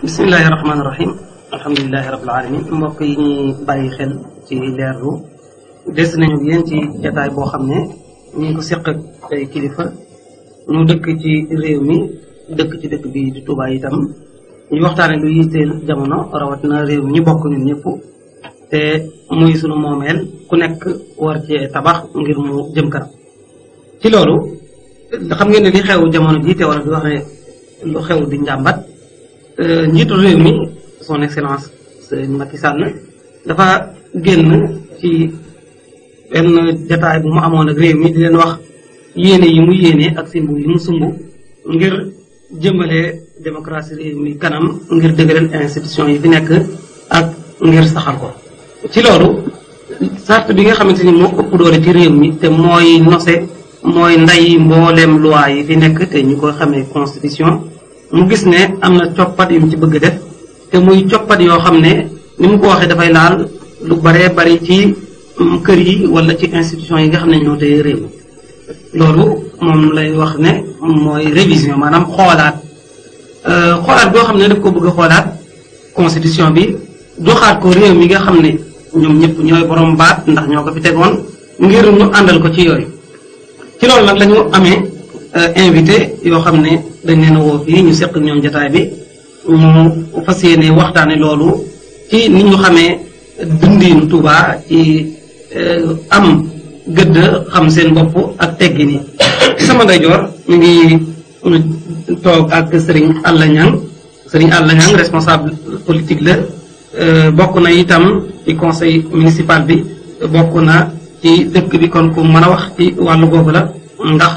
bismillahi rahmaani rahim alhamdulilahi rabbil alamin mbokk yi ñuy bàyyi xel ci leerlu des nañu yéen ci jataay boo xam ne ñu ko seq ak ay kilifa ñu dëkk ci réew mi dëkk ci dëkk bi di Touba itam ñu waxtaane lu yitteel jamono rawat na réew mi ñu bokk ñun ñëpp te muy sunu moomeel ku nekk war cee tabax ngir mu jëm kanam ci loolu xam ngeen ne li xew jamono ji te wala di wax ne lu xew di njàmbat Euh, njiitu réew mi son excellence sëñ Macky dafa génn ci benn jataay bu mu amoon ak réew mi di leen wax yéene yi mu yéene ak simbu yi mu sumb ngir jëmbalee démocratie réew mi kanam ngir dëgëral institution yi fi nekk ak ngir saxal ko ci loolu sart bi nga xamante ni moo ëpp doole ci réew mi te mooy nose mooy nday mbooleem loi yi fi nekk te ñu ko xamee constitution mu gis ne am na coppat yu mu ci bëgg def te muy coppat yoo xam ne ni mu ko waxee dafay laal lu baree bari ci mm, kër yi wala ci institution yi nga xam ne ñoo tey loolu moom lay wax ne mooy révision maanaam xoolaat euh, xoolaat boo xam ne daf ko bëgg bi joxaat ko réew mi nga xam ne ñoom ñëpp ñooy borom baat ndax ñoo ko fi tegoon ngir ñu àndal ko ci yooyu ci loolu nag la amee euh, invité yoo xam ne dañ leen woo fii ñu seq ñoom jotaay bi ñu fas yéene waxtaane loolu ci ni ñu xamee dundin tuba ci eh, am gëdd xam seen bopp ak teggi ni sama ndeyjoor ñu ngi toog ak sëriñ Alla Ñang sëriñ Alla Ñang responsable politique la eh, bokk na itam ci conseil municipal bi bokk na ci dëkk bi kon ku mën a wax ci wàllu googu la ndax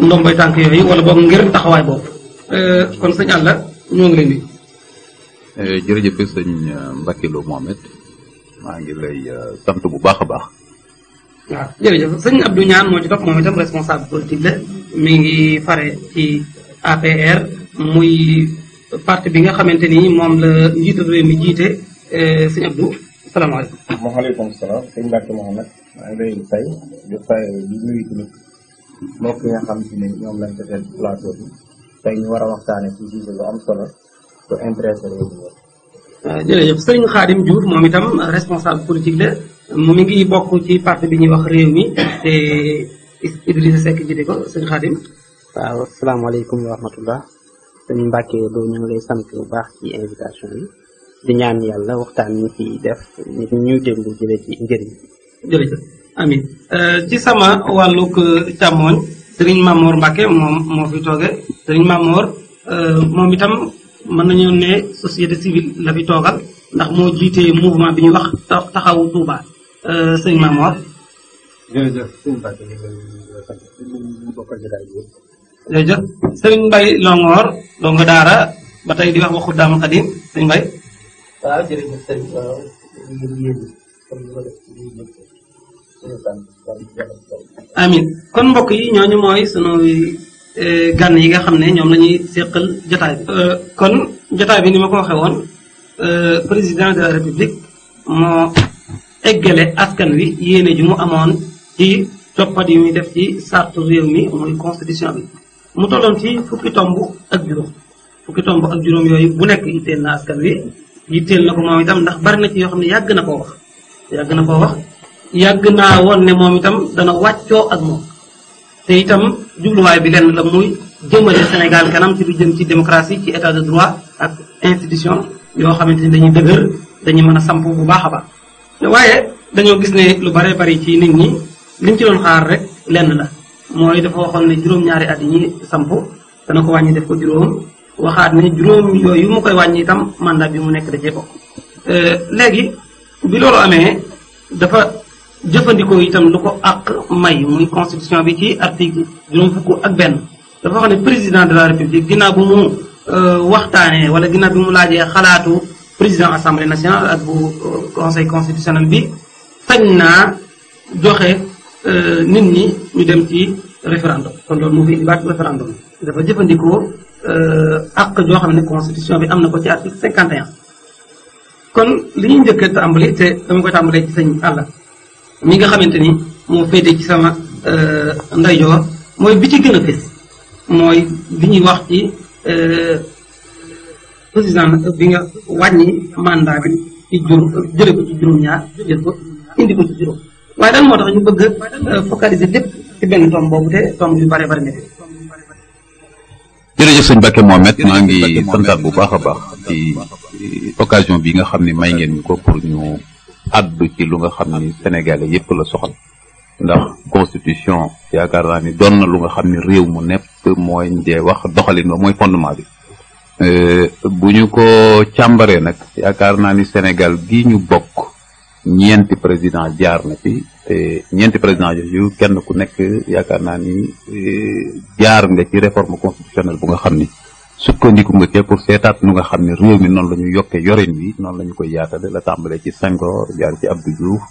ndomboy tànk yooyu wala boog ngir taxawaay boobu euh, kon sëñ Alla ñoo ngi leen euh, di. jërëjëf sëñ Mbacke Lo maa ngi lay euh, sant bu baax a baax. waa jërëjëf sëñ Abdou Niane moo ci topp moom la mi ngi fare ci APR muy parti bi nga xamante ni moom la mi salaam sëñ Mbacke Mohamed maa ngi lay fay di fay di mbokk nga xam ci ne ñoom lañ defee plateau bi tay ñu wara waxtane waxtaane ci gise lu am solo ko lu intéressé réew jëlé jërëjëf sëriñ xadim diouf moom itam responsable politique la mi ngi bokk ci parti bi ñuy wax réew mi té Idrissa Seck jide ko sëriñ xaadim waaw alaykum wa rahmatullah sëriñ mbacké do ñu ngi lay sant bu baax ci invitation yi di ñaan yàlla waxtaan ñu ci def nit ñu déglu jëlé ci njëriñ jërëjëf amin euh, ci sama wàllug euh, càmmooñ sëriñ Mamoor Mbàkke moom moo fi tooge sëriñ Mamoor euh, moom itam mën nañu ne société civile la fi toogal ndax moo jiitee mouvement bi ñu wax taxawu Touba sëriñ Mamoor jërëjëf sëriñ Mbàkke Longoor donga daara ba tey wax waxu daama xadim sëriñ Mbay amin kon mbokk yi ñooñu mooy sunu eh, gan yi nga xam ne ñoom lañuy séqal jotaay bi euh, kon jotaay bi ni ma ko waxee woon euh, président de la république moo eggale askan wi yéene ji mu amoon ci coppat yi muy def ci sartu réew mi muy constitution bi mu tolloon ci fukki tomb ak juróom fukki tomb ak juróom yooyu bu nekk yitteel na askan wi yitteel na ko moom itam ndax bari na ci yoo xam ne yàgg na koo wax yàgg na koo wax yàgg naa woon ne moom itam dana wàccoo ak moom te itam jubluwaay bi lenn la muy jëmale Sénégal kanam ci lu jëm ci démocratie ci état de droit ak institution yoo xamante ni dañuy dëgër dañuy mën a samp bu baax a baax waaye dañoo gis ne lu bare bari ci nit ñi liñ ci doon xaar rek lenn la mooy dafa waxoon ne juróom-ñaari at yi samp dana ko wàññi def ko juróom waxaat ne juróom yooyu mu koy wàññi itam mandat bi mu nekk da cee euh, léegi bi loolu amee dafa jëfandikoo itam lu ko àq may muy constitution bi ci article juróom fukk ak benn dafa xam ne président de la république ginnaaw bu mu euh, waxtaanee wala ginnaaw bi mu laajee xalaatu président assemblée nationale ak bu euh, conseil constitutionnel bi sañ naa joxe euh, nit ñi ñu dem ci référendum kon loolu moo fi indiwaat référendum dafa jëfandikoo ak joo xam ne constitution bi am na ko ci article 51 kon li ñuy njëkkee tàmbali te dama koy tàmbalee ci sëñ àlla mi nga xamante ni moo féete ci sama euh, ndeyjoor mooy bi ci gën a mooy bi ñuy wax ci euh, président bi nga wàññi mandat bi ci juróom jële ko ci juróom-ñaar jël ko indi ko moo bëgg a euh, focaliser lépp ci benn tomb boobu te tomb yu bare bare ne jërëjëf sëñ Bakke Mohamed maa ngi santaat bu baax a baax ci occasion bi nga xam ne may ngeen ñu ko pour ñu addu ci lu nga xam ni sénégalais yëpp la soxal ndax constitution yaakaar naa ni doon na lu nga xam ni réew mu nepp mooy njee wax doxalin ba mooy fondement bi euh, bu ñu ko càmbaree nag yaakaar naa ni Sénégal gi ñu bokk ñeenti président jaar na ci te ñeenti président yooyu kenn ku nekk yaakaar naa ni euh, jaar nga ci réforme constitutionnelle bu nga xam ni sukkandiku nga cee pour seetaat nu nga xam ne réew mi noonu la ñu yokkee yorin wi noonu la ñu koy yaatale la tàmbalee ci Senghor jaar ci Abdou Diouf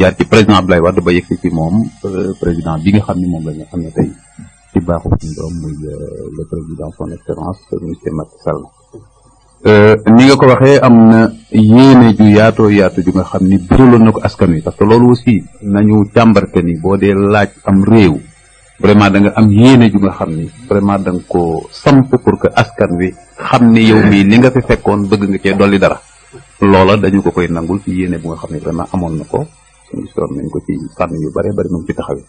jaar ci président Abdoulaye Wade ba yegsi ci moom euh, président bi nga xam ne moom la ñu xam ne tey ci baaxu suñu doom muy euh, le président son excellence monsieur Macky Sall euh, ni nga ko waxee am na yéene ju yaatoo yaatu ju nga xam ni biraloon na ko askan wi parce que loolu aussi nañu jàmbarke ni boo dee laaj am réew vraiment da nga am yéene ju nga xam ni vraiment da nga ko samp pour que askan wi xam ni yow mii li nga fi fekkoon bëgg nga cee dolli dara loola dañu ko koy nangul ci yéene bu nga xam ne vraiment amoon na ko suñu soon nañ ko ci fànn yu bare bari moom ci taxawee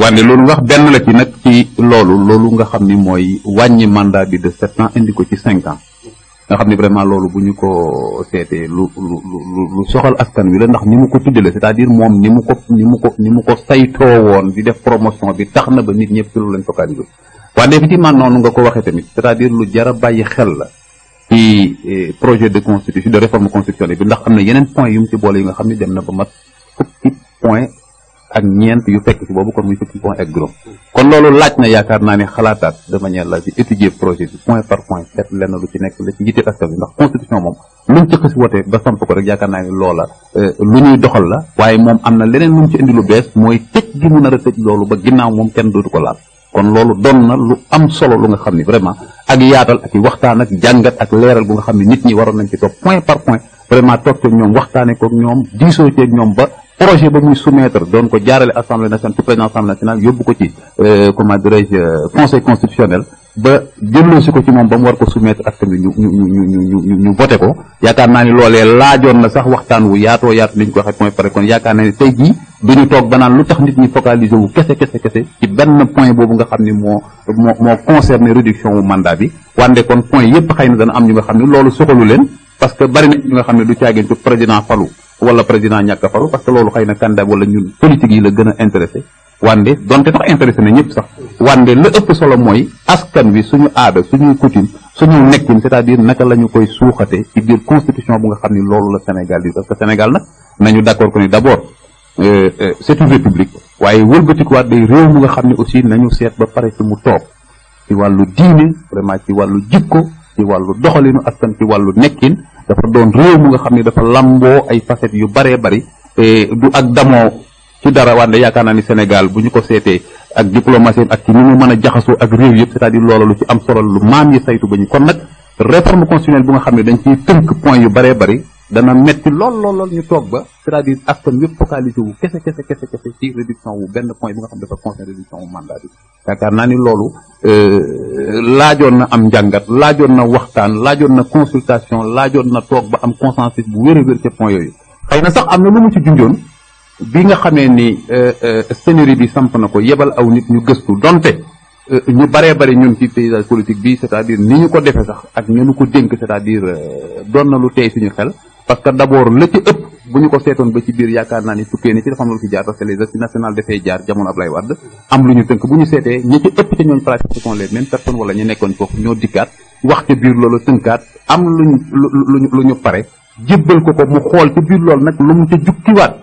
wante loolu wax benn la ci nag loolu loolu nga xam ni mooy wàññi mandat bi de sept ans indi ko ci cinq ans nga xam ne vraiment loolu bu ñu ko seetee lu lu lu soxal askan wi la ndax ni mu ko tuddale c'est-à-dire moom ni mu ko ni mu ko ni mu ko saytoo woon di def promotion bi tax na ba nit ñëpp ci lu leen focaliser waaye effectivement noonu nga ko waxee tamit c'est-à-dire lu jar a bàyyi xel la ci eh, projet de constitution de réforme constitutionnelle bi ndax am na yeneen point yu mu ci boole yi nga xam ne dem na ba ma fukki point ak ñeent yu fekk ci boobu kon muy fukki point ak juróom kon loolu laaj na yaakaar naa ne xalaataat de manière la ci étudier projet bi point par point seet lenn lu ci nekk la ci njiite askan bi ndax constitution moom luñ ci xës wote ba samp ko rek yaakaar naa ne loola euh, lu ñuy doxal la waaye moom am na leneen lu mu ci indi lu bees mooy tëj gi mu nar a tëj loolu ba ginnaaw moom kenn dootu ko laal kon loolu doon na lu am solo lu nga xam ni vraiment ak yaatal ak waxtaan ak jàngat ak leeral bu nga xam ne nit ñi waroon nañ ci topp point ñoom waxtaanee ko ñoom diisoo ci ñoom ba projet ba muy soumettre doon ko jaarale assemblée nationale ci président assemblée nationale yóbbu ko ci euh, comment dirais je euh, conseil constitutionnel ba jëlloo si ko ci moom ba mu war ko soumettre ak bi ñu ñu ñu ñu ñu ñu voté ko yaakaar naa ni loolee laajoon na sax waxtaan wu yaatoo yaatu li ñu ko waxee point pare kon yaakaar naa ni tey jii du ñu toog ba naan lu tax nit ñi focaliser wu kese kese kese ci benn point boobu nga xam ni moo moo moo concerné réduction wu mandat bi wante kon point yépp xëy na dana am ñu nga xam ne loolu soxalu leen parce que bari na ñu nga xam ne du caagin ci président Fallou wala président ñàkk a faru parce que loolu xëy na candidat wala ñun politique yi la gën a intéressé wande donte tax intéressé na ñëpp sax wande la ëpp solo mooy askan wi suñu aada suñuy coutume suñu nekkin cest naka la koy suuxate ci biir constitution bu nga xam ni loolu la Sénégal di parce que Sénégal nag nañu d'accord que ni d'abord euh, euh, c'est république waaye wëlbatikuwaat day réew mu nga xam ne aussi nañu seet ba pare ci mu toog ci wàllu diine ci wàllu doxalinu askan ci wàllu nekkiin dafa doon réew mu nga xam ne dafa lamboo ay facettes yu baree bari te du ak damoo ci dara wante yaakaar naa ni Sénégal bu ñu ko seetee ak diplomatie ak ci ni mu mën a jaxasoo ak réew yëpp c'est-à-dire lu ci am solo lu maam yi saytu ba ñu kon nag réforme constitutionnelle bu nga xam ne dañ ciy tënk point yu baree bari dana metti lool lool lool ñu toog ba c'est-à-dire askan yëpp focalisé wu kese kese kese kese ci réduction wu benn point bi nga xam dafa concerne réduction wu mandat bi yaakaar naa ni loolu euh, laajoon na am njàngat laajoon na waxtaan laajoon na consultation laajoon na toog ba am consensus bu wér a yooyu xëy na sax am na lu mu ci junjoon bi nga xamee ni euh, euh, scénario bi samp na ko yebal aw nit ñu gëstu donte ñu baree bari ñun ci paysage politique bi c'est-à-dire ni ñu ko defee sax ak ñenu ko dénk c'est-à-dire doon na lu tey suñu xel parce que d' abord la ci ëpp bu ñu ko seetoon ba ci biir yaakaar naa ni tukkee ni ci dafa am lu fi jaar parce que les assises nationales dafay jaar jamono Ablaye Wade am lu ñu tënk bu ñu seetee ñi ci ëpp ci ñooñu ñu ca biir loolu tënkaat am luñ luñu lu ñu pare jébbal ko ko mu xool ci biir loolu nag lu mu ca jukkiwaat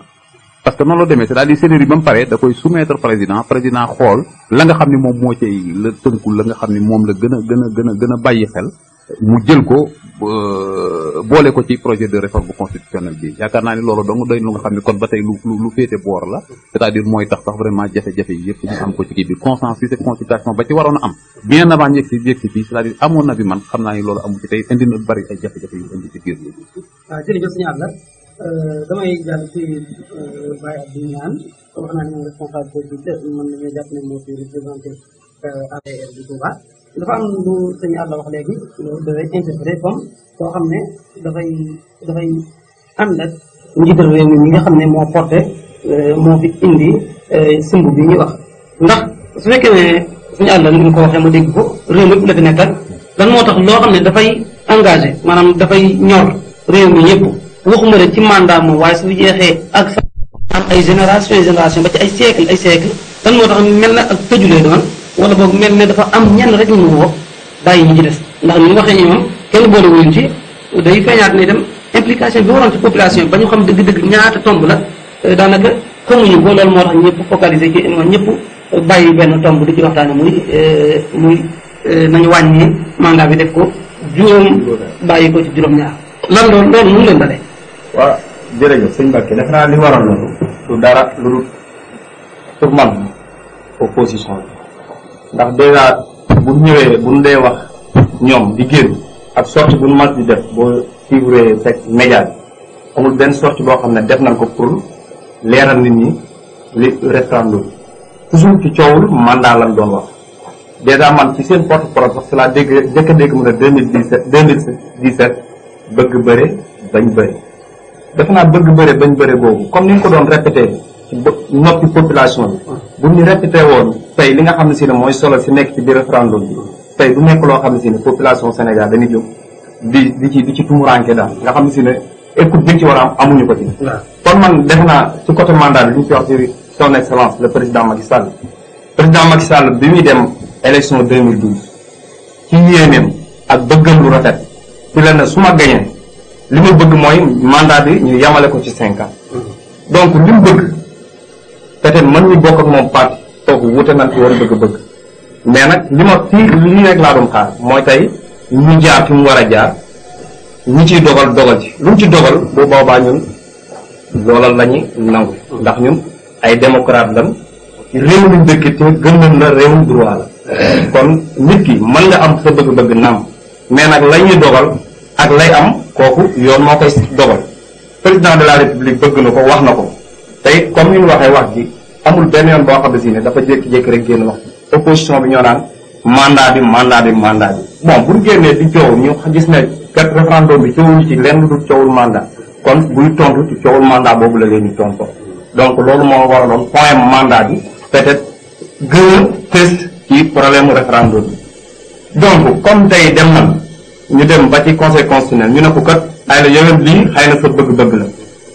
parce que noonu la demee c'est-à-dire scénario ba mu paree da koy soumettre président président xool la nga xam ne moom moo cay la tënku la nga xam ni moom la gën a gën a gën a gën a bàyyi xel mu jël ko euh, boole ko ci projet de réforme constitutionnelle bi yaakaar naa ni loolu dong doy lu nga xam ne kon ba tey lu lu féete boor la c'est-à-dire mooy tax sax vraiment jafe-jafe yi yëpp ñu am ko ci kii bi consensus et consultation ba ci waroon a am bien avant ñu yegg bi man xam naa ni loolu amu ci tey indi na bëri ay jafe-jafe yu indi ci ah, euh, damay jàll ci euh, Baye Abdou Niane wax dafa am lu sëñ Abba wax léegi dafay interprété comme koo xam ne dafay dafay ànd ak njiital réew mi nga xam ne moo porté euh, moo fi indi euh, sumb bi ñuy wax ndax su fekkee ne suñu àll ni ko waxee ma dégg ko réew mi la fi moo tax loo xam ne dafay engagé maanaam dafay ñor réew mi ñëpp waxuma rek ci mandat moom waaye su jeexee ak am ay génération génération ba ci ay siècle ay siècle lan moo tax mel na ak tëjulee doon ah? wala boog mel ne dafa am ñenn rek ñu woo bàyyi ñi ci des ndax ñu waxee ñi moom kenn boole wuñ ci day feeñaat ne dem implication bi waroon ci population ba ñu xam dëgg-dëgg ñaata tomb la euh, daanaka xamuñu ko loolu moo tax ñëpp focaliser ci moom ñëpp bàyyi benn tomb di ci waxtaane muy euh, muy euh, nañu wàññee mandat bi def ko juróom bàyyi ko ci juróom ñaar lan loolu loolu mu leen dale waaw jërëjëf sëñ Mbacke def naa li waral loolu du dara lu dul pour man opposition ndax dèjà bu ñëwee bu ñu dee wax ñoom di génn ak sortie bu ñu mas di def boo suivre fekk média bi amul benn sortie boo xam ne def nañ ko pour leeral nit ñi li référendum toujours ci coowul mandat lañ doon wax dèjà man ci seen porte-parole sax si laa dégg njëkk dégg mu ne deux mille dix-sept deux mille dix-sept bëgg bëre bañ bëre def naa bëgg bëre bañ bëre boobu comme ni ñu ko doon répété noppi population bi bu ñu répété woon tey li nga xam ne si ne mooy solo si nekk ci biir référendum bi tey du nekk loo xam ne si ne population Sénégal dañuy jóg di di ci di daal nga xam ne si ne écoute bi ci war a am amuñu ko ci kon man def naa ci côté mandat bi li ñu ci wax son excellence le président Macky Sall président Macky Sall bi muy dem élection 2012 ci yéeneem ak bëggam lu rafet ci la ne su ma gañee li ma bëgg mooy mandaa bi ñu yamale ko ci cinq ndeke man ñu bokk ak moom paat kooku wute nañ ci woon bëgg-bëgg mais nag li ma fii lii rek laa doon xaar mooy tey ñu jaar fi mu war a jaar ñi ciy dogal dogal ci lu ñu ci dogal bu boobaa ñun loolal la ñu nangu ndax ñun ay démocrate lan réew mi dëkk te gëm nañ la réew droit la kon nit ki mën nga am sa bëgg-bëgg nam mais nag la dogal ak lay am kooku yoon moo koy dogal président de la république bëgg na ko wax na ko tey comme ni waxee wax ji amul benn yoon boo xam ne si ne dafa jékki-jékki rek génn wax opposition bi ñoo naan mandat bi mandat bi mandat bi bon bu ñu génnee di coow ñu gis ne kat référendum bi coowul ci lenn du coowul mandat kon buy tontu ci coowul mandat boobu la leen di donc loolu moo waraloon point mandat bi peut-être gën a test ci problème référendum bi donc comme day dem na ñu dem ba ci conséquence constitutionnel ñu ne ko kat ay la yowén lii xëy na sa bëgg-bëgg la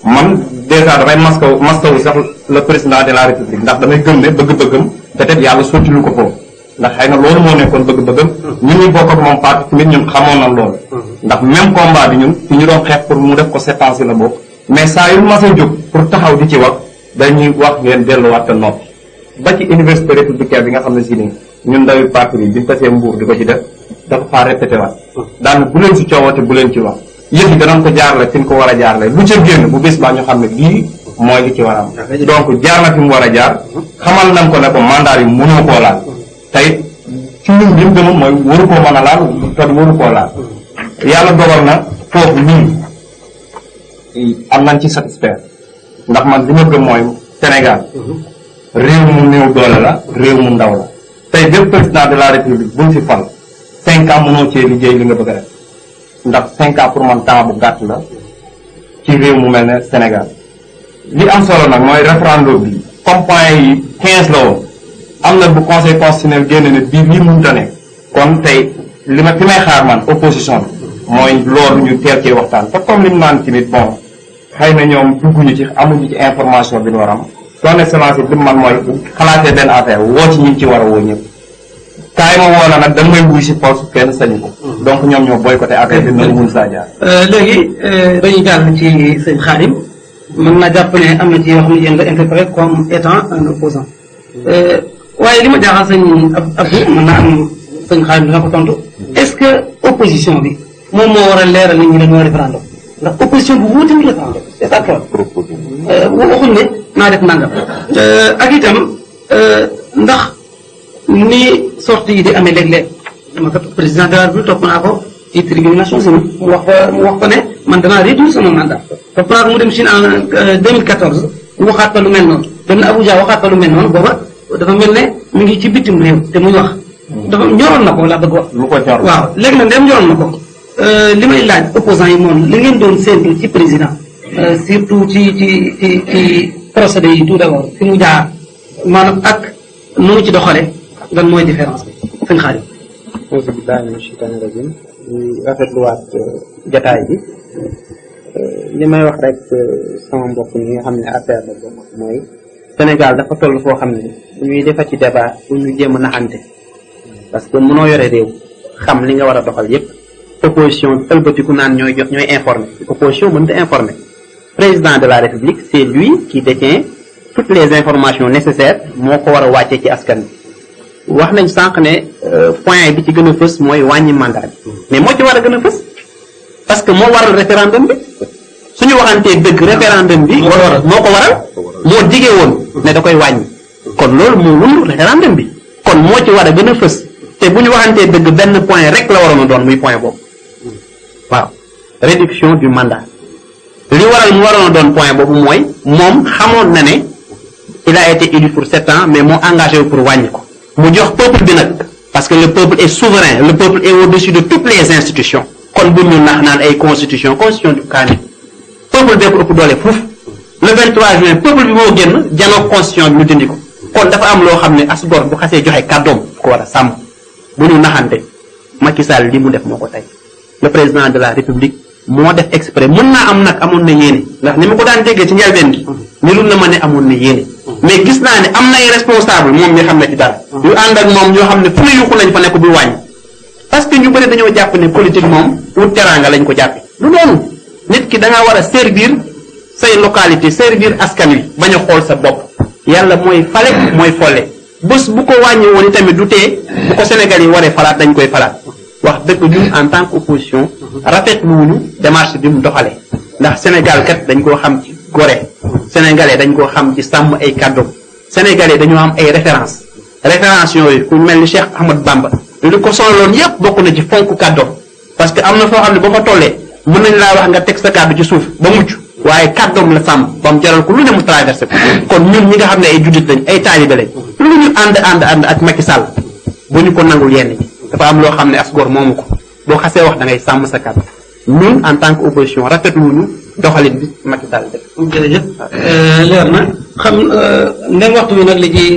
man dèjà damay maskaw maskaw sax le président de la république ndax damay gëm ne bëgg-bëggam peut être yàlla sottilu ko foofu ndax xëy na loolu moo nekkoon bëgg-bëggam ñun ñu bokk ak moom parti tamit ñun xamoon na loolu ndax même combat bi ñun fi ñu doon xeex pour mu def ko sépense la bokk mais saa yu mas a jóg pour taxaw di ci wax dañuy wax ngeen delluwaat te noppi ba ci université républicaine bi nga xam ne si ñun ndawi parti bi tasee mbuur di ko ci def dafa faa répété waat daan bu leen si bu leen ci wax yëpp danañ ko jaarale fi ñu ko war a jaarale lu ca génn bu bés baa ñu xam ne lii mooy li ci war a am donc jaar na fi mu war a jaar xamal nañ ko ne ko mandat yi mënoo koo laal tey ci ñun li mu gëmoon a na am nañ ci satisfaire ndax man li ma gëm mooy Sénégal réew mu néew doole la réew mu ndaw la tey bépp président de la république buñ fi fal cinq ans mënoo cee liggéey li nga bëgg a ndax cinq ans pour man temps bu gàtt la ci réew mu mel ne Sénégal li am solo nag mooy référendum bi comme point yi quinze la woon am na bu conseil constitutionnel génne ne bii lii mënut a kon tey li ma fi may xaar man opposition bi mooy loolu ñu teel cee waxtaan te comme li mu naan bon xëy na ñoom dugguñu ci amuñu ci information bi ñu war am son excellence bi man mooy xalaatee benn affaire woo ci ñi ci war woo ñëpp kaay ma woon nag dañ may wuy si force kenn sañu ko. Mm-hmm. donc ñoom ñoo boycotté affaire bi noonu mun saa jaar. Euh, léegi euh, dañuy jàll ci sëñ Xaadim mën naa jàpp ne am na ci yoo xam ne yéen nga interprété comme étant un opposant euh, waaye li ma jaaxal sëñ Abdou mën naa am sëñ Xaadim dina ko tontu. Mm-hmm. est-ce que opposition bi moom moo war a leeral nit ñi dañoo référendum ndax opposition bi wuuteeg référendum c'est ça waxuñ ne naa def nangam. ak itam ndax. ni sortie yi di amee léeg-léeg dama président de la République topp naa ko ci tribune Nations Unies mu wax mu wax ko man danaa réduire sama mandat topp naa ko mu dem Chine en 2014 euh, mu waxaat lu mel noonu dem na Abuja waxaat lu mel noonu booba dafa mel ne mu ngi ci bitim réew te muy wax dafa ñoroon na ko laa bëgg wax waaw léegi nag dem ñoroon na ko euh, li may laaj opposant yi moom li ngeen doon séntu ci président euh, surtout ci ci ci procédé yi tout d'abord fi mu jaar maanaam ak nu mu ci doxale ذا المويد في راسي في الخارج أعوذ بالله من الشيطان الرجيم آخر لوات آه، جتايدي آه، لما يوحر ايك آه، سامن بوكني يحمل عفير بوكني موي سنقال دا قطول فو خمني ويوي دفا تي دبا ويوي جيم نحنتي بس كون منو يري ريو خم لنغا وارا دخل يب opposition ëlbati ku naan ñooy jox ñooy informé opposition mënta informé président de la république c'est lui qui toutes les informations nécessaires moo ko war ci askan bi wax nañ sànq ne euh, point bi ci gën a fës mooy wàññi mandat bi mais moo ci war a gën a fës parce que moo waral référendum bi suñu waxantee dëgg référendum bi moo ko waral moo digee woon ne da koy wàññi kon loolu moo wund référendum bi kon moo ci war a gën a fës te bu ñu waxantee dëgg benn point rek la waroon a doon muy point boobu waaw réduction du mandat li waral mu waroon a doon point boobu mooy moom xamoon na ne il a été élu pour 7 ans mais moo engagé pour wàññi ko mu jox peuple bi nag parce que le peuple est souverain le peuple est au-dessus de toutes les institutions kon bu ñu nax naan ay constitution constitution du kaani peuple bee ko ëpp doole fouf le 23 juin peuple bi moo génn janoo constitution bi ñu dindi ko kon dafa am loo xam ne as bu xasee joxe kàddoom ko war a sàmm bu ñu naxante Macky Sall li mu def moo ko tey le président de la république moo def exprès mën naa am nag amoon na yéene ndax ni ma ko daan déggee ci njëlbeen gi ni lu na ma ne amoon na yéene mais gis naa ne am nay responsable moom mi xam ne ci dara yu ànd ak moom ñoo xam ne fu ne yuxu lañ fa nekk du wàññi parce que ñu bëri dañoo jàpp ne politique moom wut teraanga lañ ko jàppe lu noonu nit ki da ngaa war a servir say localité servir askan wi bañ a xool sa bopp yàlla mooy fale mooy folle bés bu ko wàññi woon tamit du tee bu ko Sénégal yi waree falaat dañ koy falaat wax dëkk ñun en tant que opposition rafet luwuñu démarche bi mu doxalee ndax gore sénégalais dañ koo xam ci sàmm ay kàddu sénégalais dañu am ay référence référence yooyu ku mel ni Cheikh Ahmad Bamba lu ko sonaloon yépp bokk na ci fonk kàddoom parce que am na foo xam ne ba fa tollee mën nañ laa wax nga teg sa kàddu ci suuf ba mucc waaye kàddoom la sàmm ba mu jaral ko lu ne mu traversé ko kon ñun ñi nga xam ne ay juddit lañ ay taalibe lañ lu ñu ànd ànd ànd ak Macky Sall bu ñu ko nangul yenn ñi dafa am loo xam ne as góor moomu ko boo xasee wax da ngay sàmm sa kàddu ñun en tant que opposition rafetluñu doxalin bi Macky Sall def. Euh, leer na xam euh, ndem waxtu bi nag li ci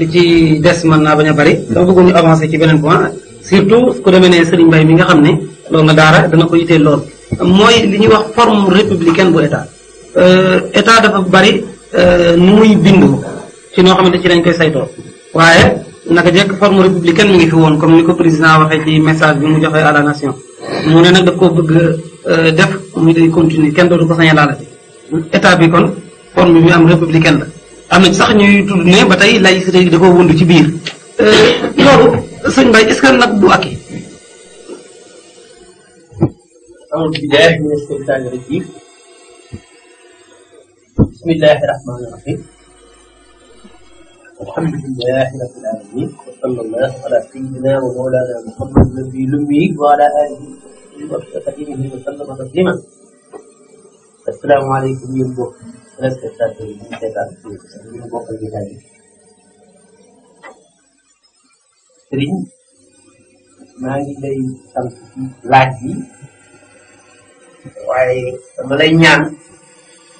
li ci des man naa bañ a bari. dama bëggoon ñu avancer ci beneen point surtout ku demee ne Serigne Mbaye mi nga xam ne loolu nga daara dana ko yitee lool. mooy li ñuy wax forme républicaine bu état euh, état dafa bari nu muy bindoo ci noo xamante ci lañ koy saytoo waaye naka jekk forme républicaine mi ngi fi woon comme ni ko président waxee ci message bi mu joxee à mu ne nag daf koo bëgg euh, def muy day continuer kenn dootu ko sañ la laalati état bi kon forme bi am républicaine la am na sax ñuy tudd ne ba tey laïcité da koo wund ci biir euh, loolu sëñ mbay est ce que nag du akki أعوذ بالله من الشيطان الرجيم بسم الله الرحمن الرحيم الحمد لله رب العالمين وصلى الله على سيدنا ومولانا محمد النبي الأمي وعلى آله وصحبه وسلم تسليما السلام عليكم يمبو ثلاث كتاب من كتاب يمبو قلبي هذه Sering maa ngi lay ci laaj yi waaye dama lay ñaan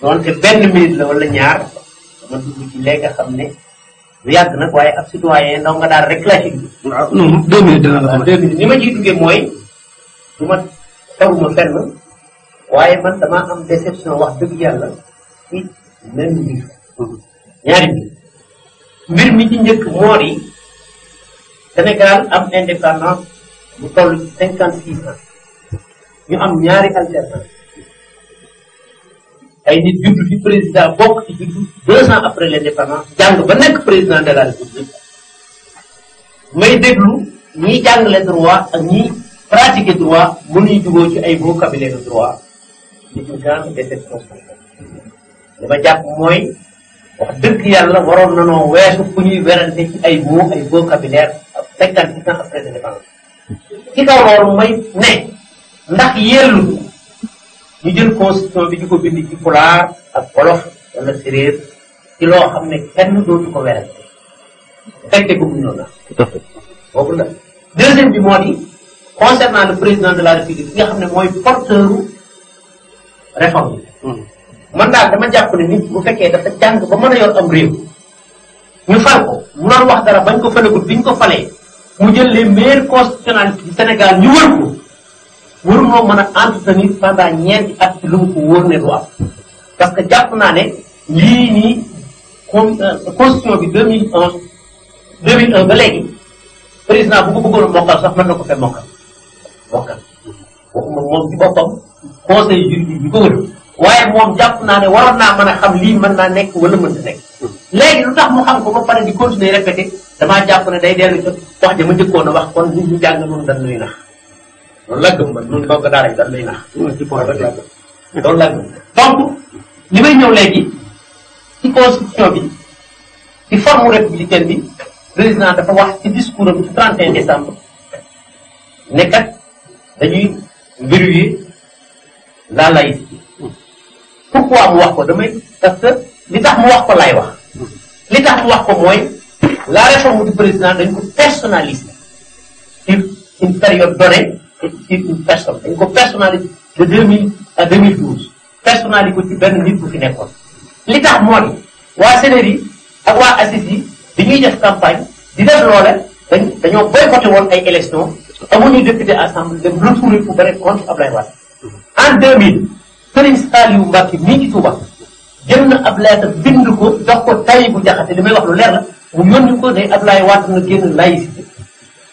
doonte benn minute la wala ñaar ma dugg ci léegi xam ne lu yàgg nag waaye ab citoyen ndaw daal rek la deux minutes ni ma ciy duggee mooy du ma tawuma fenn waaye man damaa am déception wax dëgg yàlla ci même mbir. Mhm. ñaari mbir mi ci njëkk moo Sénégal am indépendance bu toll cinquante six ans ñu am ñaari alternance ay nit juddu fi président bokk ci juddu deux ans après l'indépendance jàng ba nekk président de la république may déglu ñi le droit ak ñi pratiquer droit mënuy jugoo ci ay de droit c'est une grande déception li ma jàpp mooy wax dëgg yàlla waroon noo weesu fu ñuy werante ci ay mots ay ak cinquante ci ans après indépendance ci kaw loolu may ne ndax yellu ñu jël constitution bi ñu ko bind ci pulaar ak wolof wala séréer loo xam ne kenn dootu ko werante fekke ko bu ñëw la boobu la deuxième bi moo di concernant le président de la nga xam ne mooy porteur réforme hmm. man daal dama jàpp ni nit bu fekkee dafa jàng ba mën a yor am réew ñu fal ko mu doon wax dara bañ ko falagut biñ ko falee mu jël les meilleurs constitutionnalistes du Sénégal ko waruloo mën a entretenir pendant ñeenti at lu mu ko wóor du am parce que jàpp naa ne lii nii con euh, constitution bi 2001 2001 ba léegi président bu ko bëggoon a mokkal sax mën na ko fee mokkal mokkal waxuma moom ci boppam conseil juridique bi ko waaye moom jàpp naa ne waroon naa mën a xam lii mën naa nekk wala mënta nekk léegi lu tax mu xam ko ba pare di continuer répété damaa jàpp ne day dellu ci wax ja ma njëkkoon a wax kon nit ñi jàng noonu dañ loolu laa gëm man man kaw nga daara yi daal lay naax. loolu laa gëm donc li may ñëw léegi ci constitution bi ci forme républicaine bi président dafa wax ci discours am ci 31 décembre ne kat dañuy verrouiller la laïcité pourquoi mu wax ko damay parce que li tax mu wax ko laay wax li tax mu wax ko mooy la réforme du président dañ ko personnaliser sur une période donnée. c'est une personne dañ ko personnalisé de 2000 à 2012 personnalisé ko ci benn nit bu fi nekkoon. li tax moo di waa CNRI ak waa ACIS ñuy def campagne di def loole dañ dañoo boycotté woon ay élections amuñu député ensemble dem retrouver pour bëre contre Ablaye Wade. en 2000 Serigne Saliou Mbacké mii ci Touba jël na ab lettre bind ko jox ko Tahibou Diakhaté li may wax lu leer la mën yónni ko ne Ablaye Wade na génn laïcité.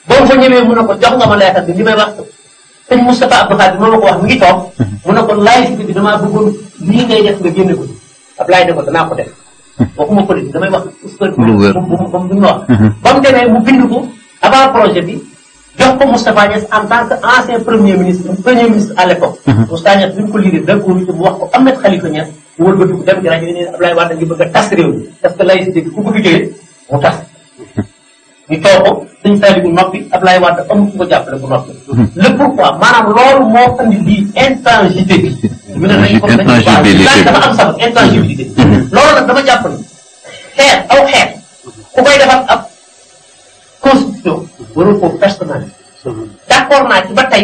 ba mu fa ñëwee mu ne ko jox nga ma leetar bi li may wax sëñ Moustapha Abdou ko wax mu ngi toog mhm. mu ne ko laaj bi damaa bëggoon lii ngay def nga génne ko Ablaye ne ko danaa ko def mhm. waxuma politique damay wax usper moom mhm. ba mu demee mu bind ko avant projet bi jox ko Moustapha Niass en tant premier ministre premier ministre à l'époque Moustapha Niass bi ñu ko liiree da ko mu wax ko Ahmed Khalifa Niass ñu wëlbatiku dem ci rajo yi ne Ablaye Wade ngi bëgg a tas réew mi parce que laïcité ku bëgg sëñ Saïd bu noppi Ablaye Wade amul ko jàppale bu noppi. Hmm. le pourquoi maanaam loolu moo andi lii intangité bi. ñu ne dañ ko dañ dafa am sax intangibilité. Hmm. Hmm. loolu nag dama jàpp ni xeer aw xeer ku koy defar ab constitution warul ko personnalisé. d' accord naa ci ba tey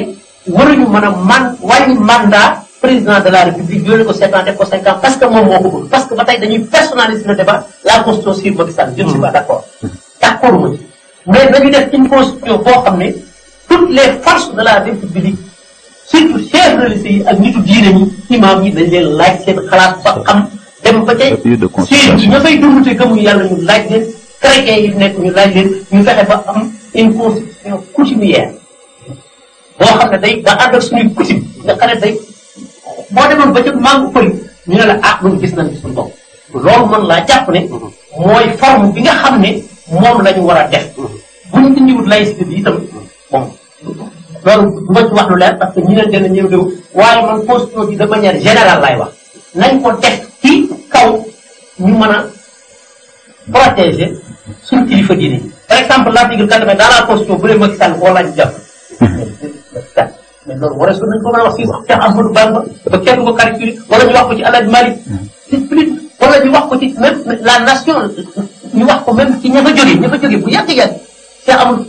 waruñu mën a man wàññi mandat président de la république yónni ko sept ans def ko cinq ans parce que moom moo ko bëgg parce que ba tey dañuy personnaliser le débat la constitution sur Macky Sall. je ne suis pas d' accord d' accord ma ci. mais dañu def une constitution boo xam ne toutes les forces de la république surtout chefs religieux yi ak nitu diine ñi imam yi dañ leen laaj seen xalaat ba xam dem ba tey yi ña fay dund te gëmuñu yàlla ñu laaj leen chrétiens yi nekk ñu laaj leen ñu fexe ba am une constitution coutumière boo xam ne day da ànd ak suñuy coutume nga xam day boo demoon ba ca mangu përi ñu ne la ah loolu gis nañ ci suñu bopp loolu man laa jàpp ne mm-hmm. mooy forme bi nga xam ne moom lañu war a def buñ dindi lay laïcité bi itam bon loolu bu ma ci wax lu leer parce que ñi leen gën ñëw dëw waaye man position bi de manière générale lay wax nañ ko def ci kaw ñu mën a protéger suñ kilifa diine par exemple l'article quatre vingt dans la constitution bu dee Macky Sall koo laaj jàpp mais loolu war su nañ ko mën a wax fii wax Cheikh Amadou Bamba ba kenn ko calculer wala ñu wax ko ci Alhaji Malick mm-hmm. wala ñu wax ko ci même la nation ñu wax ko même ci ña fa jógee ña fa jógee bu yàgg yàgg Cheikh Amadou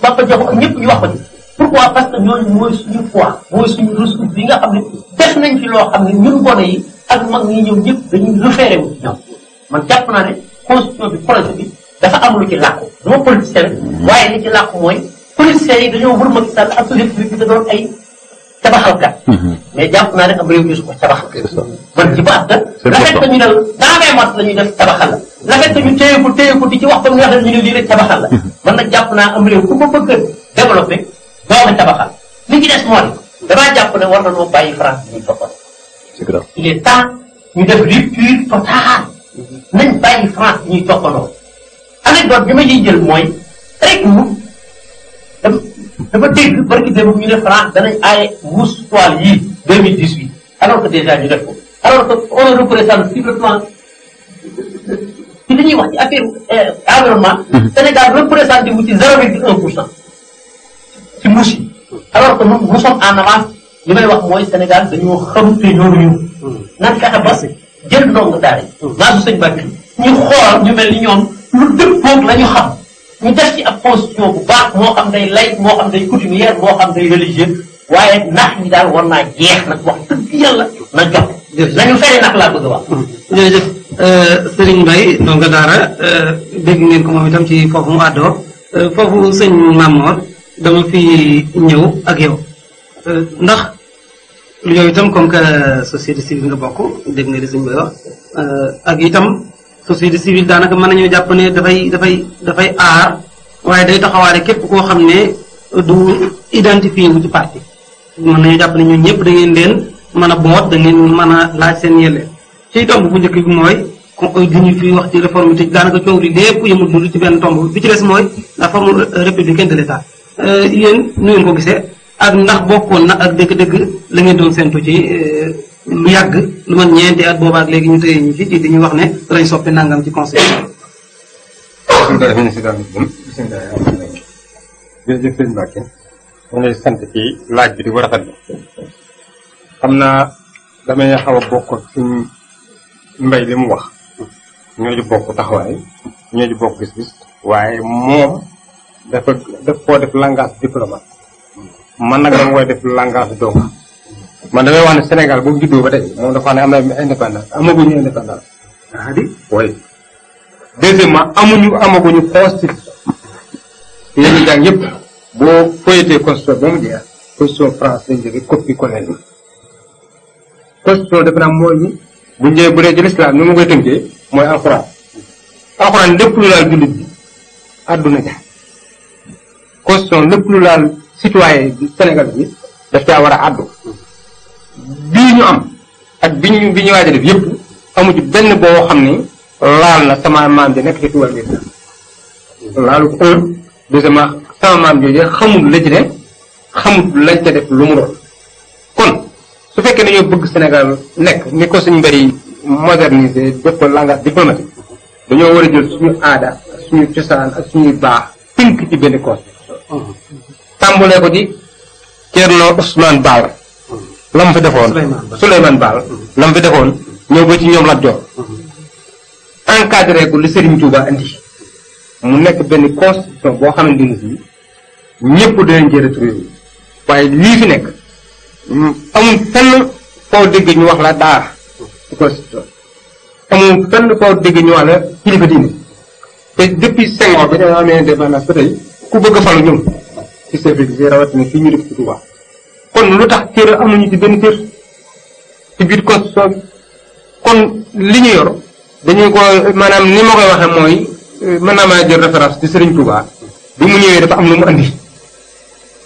Papa Diop ak ñëpp ñu wax ko ci. pourquoi parce que ñooñu mooy suñu foi mooy suñu ressource bi nga xam ne def nañ fi xam ne ñun gone yi ak mag ñi ñëw ñëpp dañuy référé wu ñoom man jàpp naa ne constitution bi projet bi dafa am lu ci làkku duma politicien waaye li ci làkku mooy politiciens yi dañoo wër Macky Sall ak république bi da doon ay tabaxal kat. Mhm. mais jàpp naa ne am réew mi su ko tabaxal. man baat la. la ñuy ñu téye ko téye ko di ci wax comme neexal ñu ne lii rek tabaxal la. Mhm. jàpp naa am ku ko bëgg a développé doo ko tabaxal li ci des mooy damaa jàpp ne war na bàyyi France bi ñuy toppal. c'est grave il est temps jël mooy rek mu dafa dégg barki démb ñu ne France danañ aaye mousse toile yii 2018 alors que déjà ñu def ko alors que on est représenté sur le plan ci li ñuy wax ci affaire euh, environnement. Sénégal représenté wu ci 0,1 pour cent ci mousse yi. alors que nous nous sommes en avance li may wax mooy Sénégal dañoo xam te ñooruñu. naan fexe ba jël ndongo daara yi. maa su sëñ Bakir ñu xool ñu mel ni lu dëppoog la ñu xam. ñu def ci ab constitution bu baax moo xam day laïque moo xam day coutumière moo xam day religieux waaye nax ñi daal war naa jeex nag wax dëgg yàlla na jot. nañu fere nax laa bëgg a wax. Hmm. jërëjëf euh, Serigne Mbaye donc euh, ngeen ko moom itam ci foofu mu àddoo euh, foofu sëñ Mamor dama fi ñëw ak yow ndax yow itam comme que société civile nga bokk dégg nga li sëñ ak itam. société civile daanaka mën nañoo jàpp ne dafay dafay dafay aar waaye day taxawaale képp koo xam ne du identifié wu ci parti mën nañoo jàpp ne ñun ñëpp da ngeen leen mën a boot da ngeen mën a laaj seen yellee ci tomb bu njëkk bi mooy duñu fi wax ci réforme daanaka coow li lépp yëmul dund ci benn tomb bi ci des mooy la forme républicaine de l'État euh, yéen nu ngeen ko gisee ak ndax bokkoon na ak dëgg-dëgg la ngeen doon séntu ci euh, lu yàgg lu man ñeenti at boobaak léegi ñu tëye ñu fi di ñu wax ne lañ soppi nangam ci conseil jërëjëf sëñ Mbacke lay sant ci laaj bi di ko rafetlu xam naa damay xaw a bokk suñ mbay li mu wax ñoo ji bokk taxawaay ñoo ji bokk gis-gis waaye moom dafa daf koo def langage diplomate man nag dama koy def langage man damay wax ne senegal bu juddoo ba tey moom dafa ne am na indépendance amaguñu indépendance ah di oui deuxièmement amuñu amaguñu constitution yéen ñi jàng yëpp boo foyetee constitution bu mu jeex constitution France ñu jóge copie ko leen constitution dafa naa mooy ñu bu ñëwee bu dee l'islam ni mu koy tënkee mooy alcorane alxuraan lépp lu laal jullit bi àdduna ja constitution lepp lu laal citoyen du Sénégal bi daf caa war a bii ñu am ak bi ñu bi ñu waaj def yëpp amu ci benn boo xam ni laal na sama maam ji nekk ci tuwal bi laalu ko un la ci ne xamul lañ ca def kon su fekkee dañoo bëgg Sénégal nekk ni ko suñ mbéy modernisé def ko langage diplomatique dañoo war a jël suñu aada suñu cosaan ak baax tënk ci benn cause mm-hmm. tàmbulee ko ci Thierno Ousmane Ball lam fi defoon suleyman baal lam fi defoon ñëw ba ci ñoom lat joor mhm. encadré ko li sëriñ tuuba andi mu nekk benn constitution boo xamante ni si ñëpp dinañ ci retrouvé waaye lii fi nekk amul fenn foo dégg ñu wax la daara ci constitution amul fenn foo dégg ñu wax la kilifa diine te depuis cinq ans bi dañoo amee indépendance ba tey ku bëgg falu ñëw ci service bi rawatina fii ñu def ci tuuba kon lu tax téere amuñu ci benn cër ci biir constitution bi kon li ñu yor dañuy ko maanaam ni ma koy waxee mooy euh, mën naa maa jël référence ci Serigne Touba bi mu ñëwee dafa am lu mu andi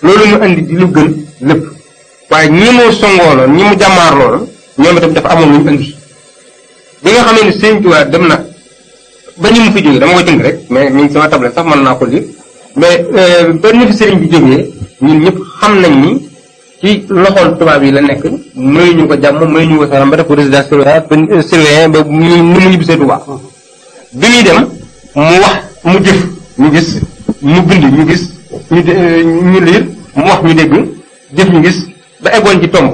loolu mu andi di lu gën lépp waaye ñi mu songooloon ñi mu jàmmaar looloon ñoom itam dafa amoon lu ñu andi bi nga xam ne Serigne Touba dem na ba ñu mu fi jógee dama ko jënd rek mais mi ngi sama table sax man naa ko lire mais euh, ba ñu fi Serigne bi jógee ñun ñëpp xam nañ ni. ci loxol tubaab yi la nekk may ñu ko jàmm may ñu ko saram ba def ko résidence surveillée ba mu mu ñibbisee Tuubaa bi muy dem mu wax mu jëf ñu gis mu bind ñu gis ñu euh, liir mu wax ñu dégg jëf ñu gis ba eggoon ci tomb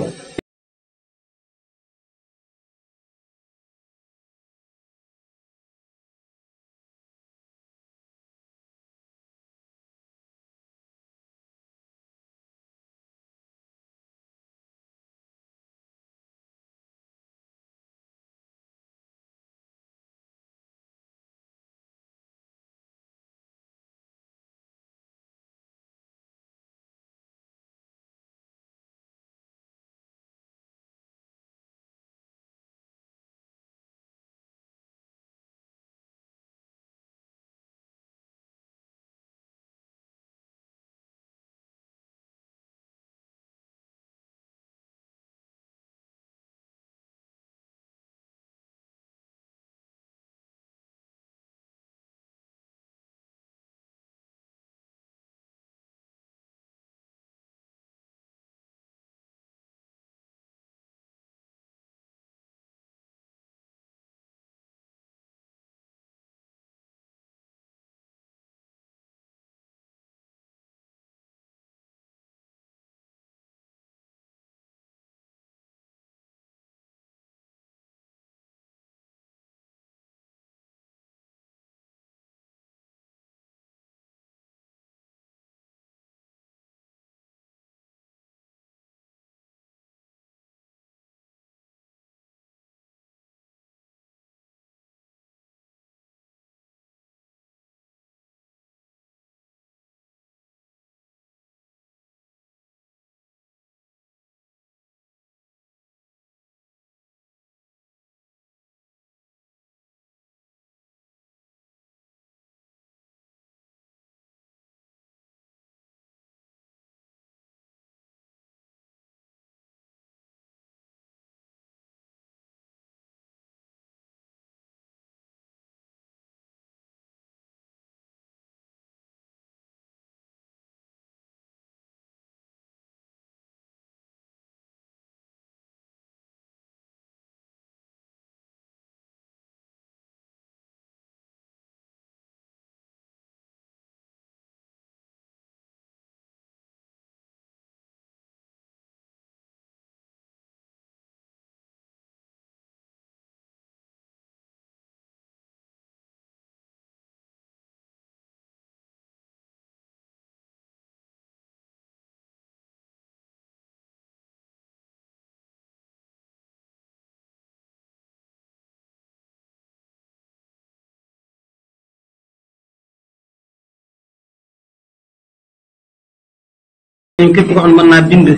ñun képp koo xam ne mën naa bind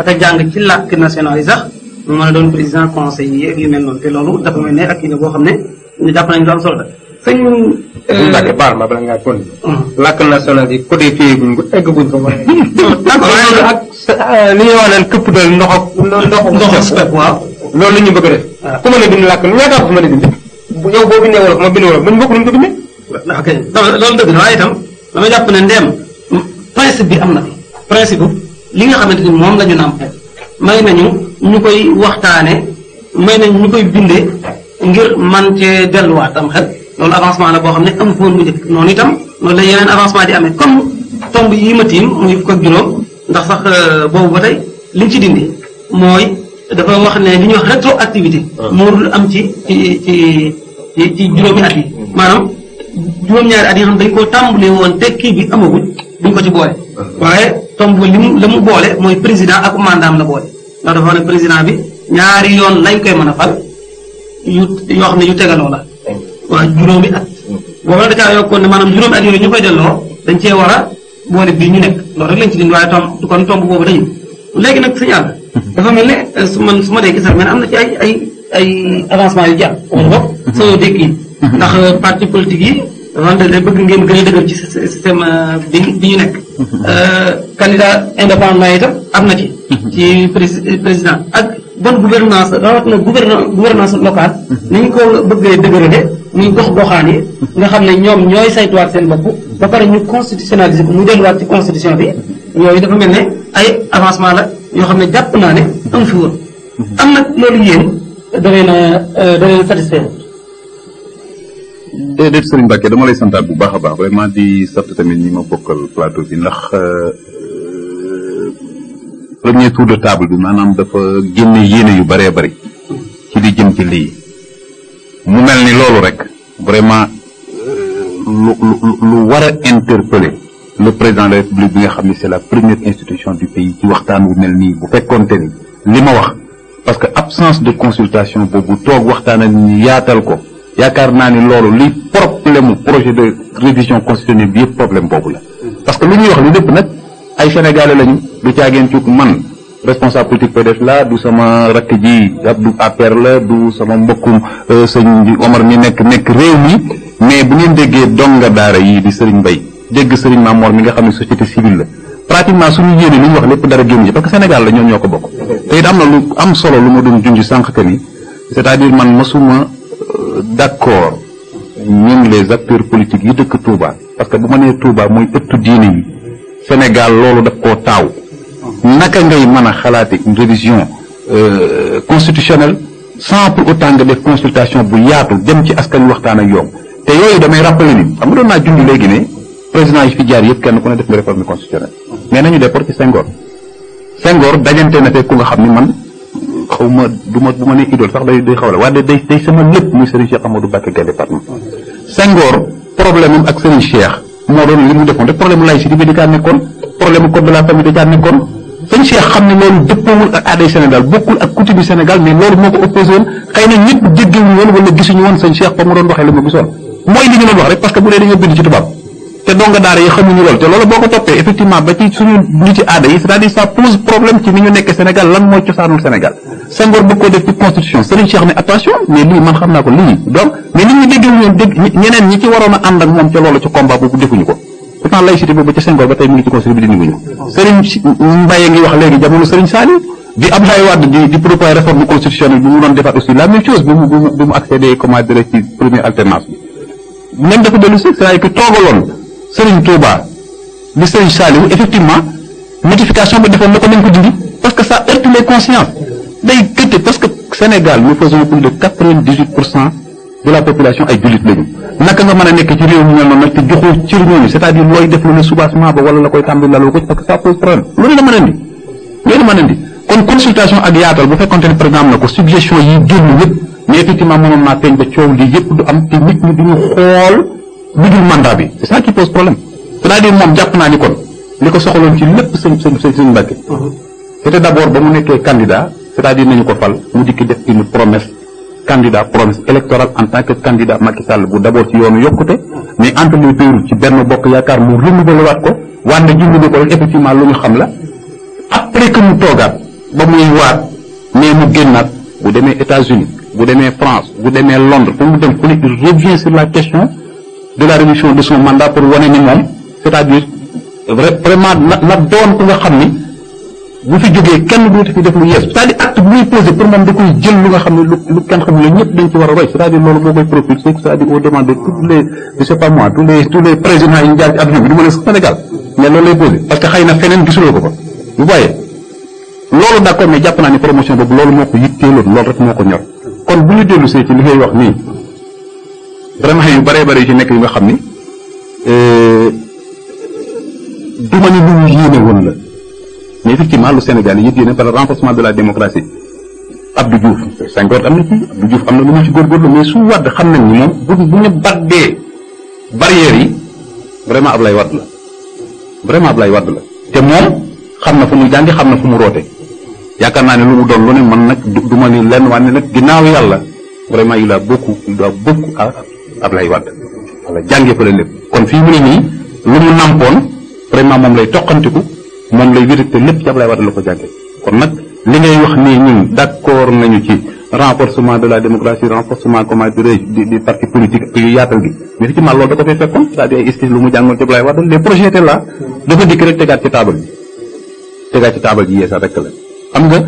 ak a jàng ci làkk national yi sax mu mën a doon président conseil yi ak yu mel noonu te loolu dafa mel ne ak kii la boo xam ne ñu jàpp nañu lu am solo la sëñ bi euh, Mbacke baal ma bala ngaa kon uh-huh. làkk national yi codifié guñ ko egg guñ ko ak euh, li ñuy wax naan këpp dal ndox ak ndox ak waaw loolu la ñu bëgg a def ah. ku mën a bind làkk ñaata ku mën a bind yow boo bindee wolof ma bind wolof mën bokk lu ñu ko bindee ok loolu dëgg na waaye itam dama jàpp ne ndeem principe bi am na fi principe li nga xamante ni moom la ñu nàmpal may nañu ñu koy waxtaane may nañu ñu koy bindee ngir man cee delluwaat tam xel loolu avancement la boo xam ne am foon bu njëkk noonu itam loolu la yeneen amee comme tomb yi ma tiim muy ko juróom ndax sax euh, boobu ba ci dindi mooy dafa wax ne li ñuy wax rétroactivité ah. moorul am ci ci ci ci juróomi at yi mm. maanaam juróom-ñaari at xam dañ koo tàmbalee woon tekki bi amagul duñ ko ci boole ah. tomb li mu la mu boole mooy président ak mandaam la boole ndax dafa ne président bi ñaari yoon lañ koy man a fal yu yoo xam ne yu tegaloo la waa juróomi at mm-hmm. boobu nag da caa yokkoon ne maanaam juróomi at yooyu ñu koy delloo dañ cee war boole bii ñu nekk loolu rek lañ ci dindi waaye tomb kon tomb boobu dañu léegi nag suñu àll mm-hmm. dafa mel ne euh, su man su ma dee gisal mel am na ci ay ay avancement yu jaar. wala boog soo dégg mm-hmm. ndax euh, parti politique yi. wante de bëgg ngeen gën a dëgër ci système euh, bi bi ñu nekk. Mhm. Euh, candidat indépendant am na ci. Mhm. ci président ak bonne gouvernance rawatina gouvernance locale. Mhm. ni ñu ko bëggee dëgërale muy gox goxaan yi. nga xam ne ñoom ñooy saytuwaat seen bopp. ba pare ñu constitutionnaliser ko mu delluwaat ci constitution bi. yooyu dafa mel ne ay avancement la ñoo xam ne jàpp naa ne am fi woon. am na loolu yéen da na a euh, da leen Eh, déedéet Serigne Mbacke dama lay santaat bu baax a baax vraiment di sant tamit ñi ma bokkal plateau bi ndax euh, premier tour de table bi maanaam dafa génne yéene yu bëree bëri ci di jëm ci lii mu mel ni loolu rek vraiment euh, lu lu lu war a interpeller le président de la république bi nga xam ni c'est la première institution du pays ci waxtaan wu mel nii bu fekkonte ni li ma wax parce que absence de consultation boobu toog waxtaan ak ñu yaatal ko yaakaar naa ni loolu li problème projet de révision constitutionnelle bi yëpp problème boobu la parce que li ñuy wax li lépp nag ay sénégalais lañu du caageen cuk man responsable politique PDF la du sama rakk ji du APR la du sama mbokkum euh, sëñ Omar mi nekk nekk réew mi mais bu ngeen déggee donga daara yi di Serigne Mbaye dégg Serigne Mamor mi nga xam ne société civile la pratiquement suñu yéene li ñu wax lépp dara génn ci parce que Sénégal la ñoom ñoo ko bokk te it am na lu am solo lu ma doon junj sànq que ni c'est-à-dire man masuma d'accord ñun les acteurs politiques yi dëkk Touba parce que bu ma nee Touba mooy ëttu diine yi Sénégal loolu daf koo taaw naka ngay mën a xalaati une révision euh, constitutionnelle sans pour autant nga def consultation bu yaatu dem ci askan waxtaan ak yoom te yooyu damay rappeler ni xam nga doon naa junj léegi ne président yi fi jaar yëpp kenn ku ne def nga réforme constitutionnelle mais nañu déport ci Senghor Senghor dajante na fekk nga xam ni man xaw ma du ma bu ma ne idole sax day day xaw la waaye day day sama lépp muy Serigne Cheikh Amadou Bakké Gaynde Fatma Senghor problème ak Serigne Cheikh moo doon li mu defoon rek problème mu laïcité bi da caa nekkoon problème mu famille da caa nekkoon Serigne Cheikh xam ne loolu dëppoowul ak aaday Sénégal bokkul ak coutume Sénégal mais loolu moo ko opposé woon xëy na ñëpp jéggewuñu woon wala gisuñu woon Serigne Cheikh fa mu doon waxee la ma gisoon mooy li ñu doon wax rek parce que bu dee dañoo bind te donga daara yi xamuñu lool te loolu boo ko toppee effectivement ba ci suñu ñi ci aada yi c'est-à-dire ça pose problème ci ni ñu nekk Sénégal lan mooy cosaanul Sénégal Senghor bëgg koo def ci constitution Serigne Cheikh ne attention mais lii man xam naa ko lii donc mais nit ñi déggal ñoom ñeneen ñi ci waroon a ànd ak moom ca loolu ci combat boobu defuñu ko pourtant laïcité boobu ci constitution bi ngi wax léegi jamono Serigne Saliou di Abdoulaye Wade di di doon defaat aussi la même chose bi mu bi mu accédé comment Serigne Touba di Serigne Saliou effectivement notification bi defoon na ko nañ ko dindi parce que ça heurte les consciences day gëtte parce que Sénégal nous faisons plus de de la population ay jullit lañu naka nga mën a nekk ci réew mi mel noonu nag te joxoo cër ñooñu c'est-à-dire looy def lu ne soubassement ba wala la koy tàmbali laloo ko parce que ça su problème loolu la mën a indi loolu la mën kon consultation ak yaatal bu fekkonte ne par exemple na ko suggestion yi génn yëpp mais effectivement ba coow lii yëpp du am te lu dul bi c'est ça qui pose problème c'est-à-dire moom jàpp naa ni kon li ko soxaloon ci lépp sëñ sëñ sëñ Mbàkke c'était d'abord ba mu nekkee candidat c'est-à-dire nañu ko fal mu dikki def une promesse candidat promesse électorale en tant que candidat Macky Sall bu d'abord ci yoonu yokkute mais entre les deux ci benn bokk yaakaar mu renouvelé waat ko wante jumbi ko effectivement lu ñu xam la après que mu toogaat ba muy waat mais mu génnaat bu demee États-Unis bu demee France bu demee Londres mu dem la question de la rémission de son mandat pour wane ni moom c'est-à-dire vraiment na na doon ku nga xam ni bu fi jógee kenn dootu fi def lu yees c'est-à-dire acte bu pour moom da koy jël lu nga xam ne lu lu kenn xamul la ñëpp dañ ci war a roy c'est-à-dire loolu moo koy propulsé c'est-à-dire au demande de tous pas moi tous les tous les présidents yi bi du ma ne Sénégal mais loolu lay posé parce que xëy na feneen gisuloo ko fa vous voyez loolu d'accord mais jàpp naa ni promotion boobu loolu moo ko ko ñor kon bu ñu see ci li ngay vraiment yu bëree bëri ci nekk yu nga xam ni euh, du ma ni lu yéene woon la mais effectivement lu Sénégal yi yéene par le renforcement de la démocratie Abdou Diouf Senghor am na ci Abdou Diouf am na lu mu ci góorgóorlu mais su Wade xam nañ ni moom bu bu ñu yi vraiment Ablaye Wade la vraiment Ablaye Wade la te moom xam na fu mu jàngi xam na fu mu roote yaakaar naa ne lu mu doon lu ne man nag du ma ni lenn waa ne ginnaaw yàlla vraiment a ablay wad wala jangé ko lepp kon fi mu ni ni lu mu nampon vraiment mom lay tokantiku mom lay wirité lepp ci ablay wad lako jangé kon nak li ngay wax ni ñun d'accord nañu ci renforcement de la démocratie renforcement comme comment dirais di di parti politique ak yu yaatal gi mais ci mal lool da ko fay fekkon c' à dire est estis lu mu jàngoon ci ablay wad les projets étaient là dafa dik rek tegaat ci table bi tegaat ci table ji yeesa rek la xam nga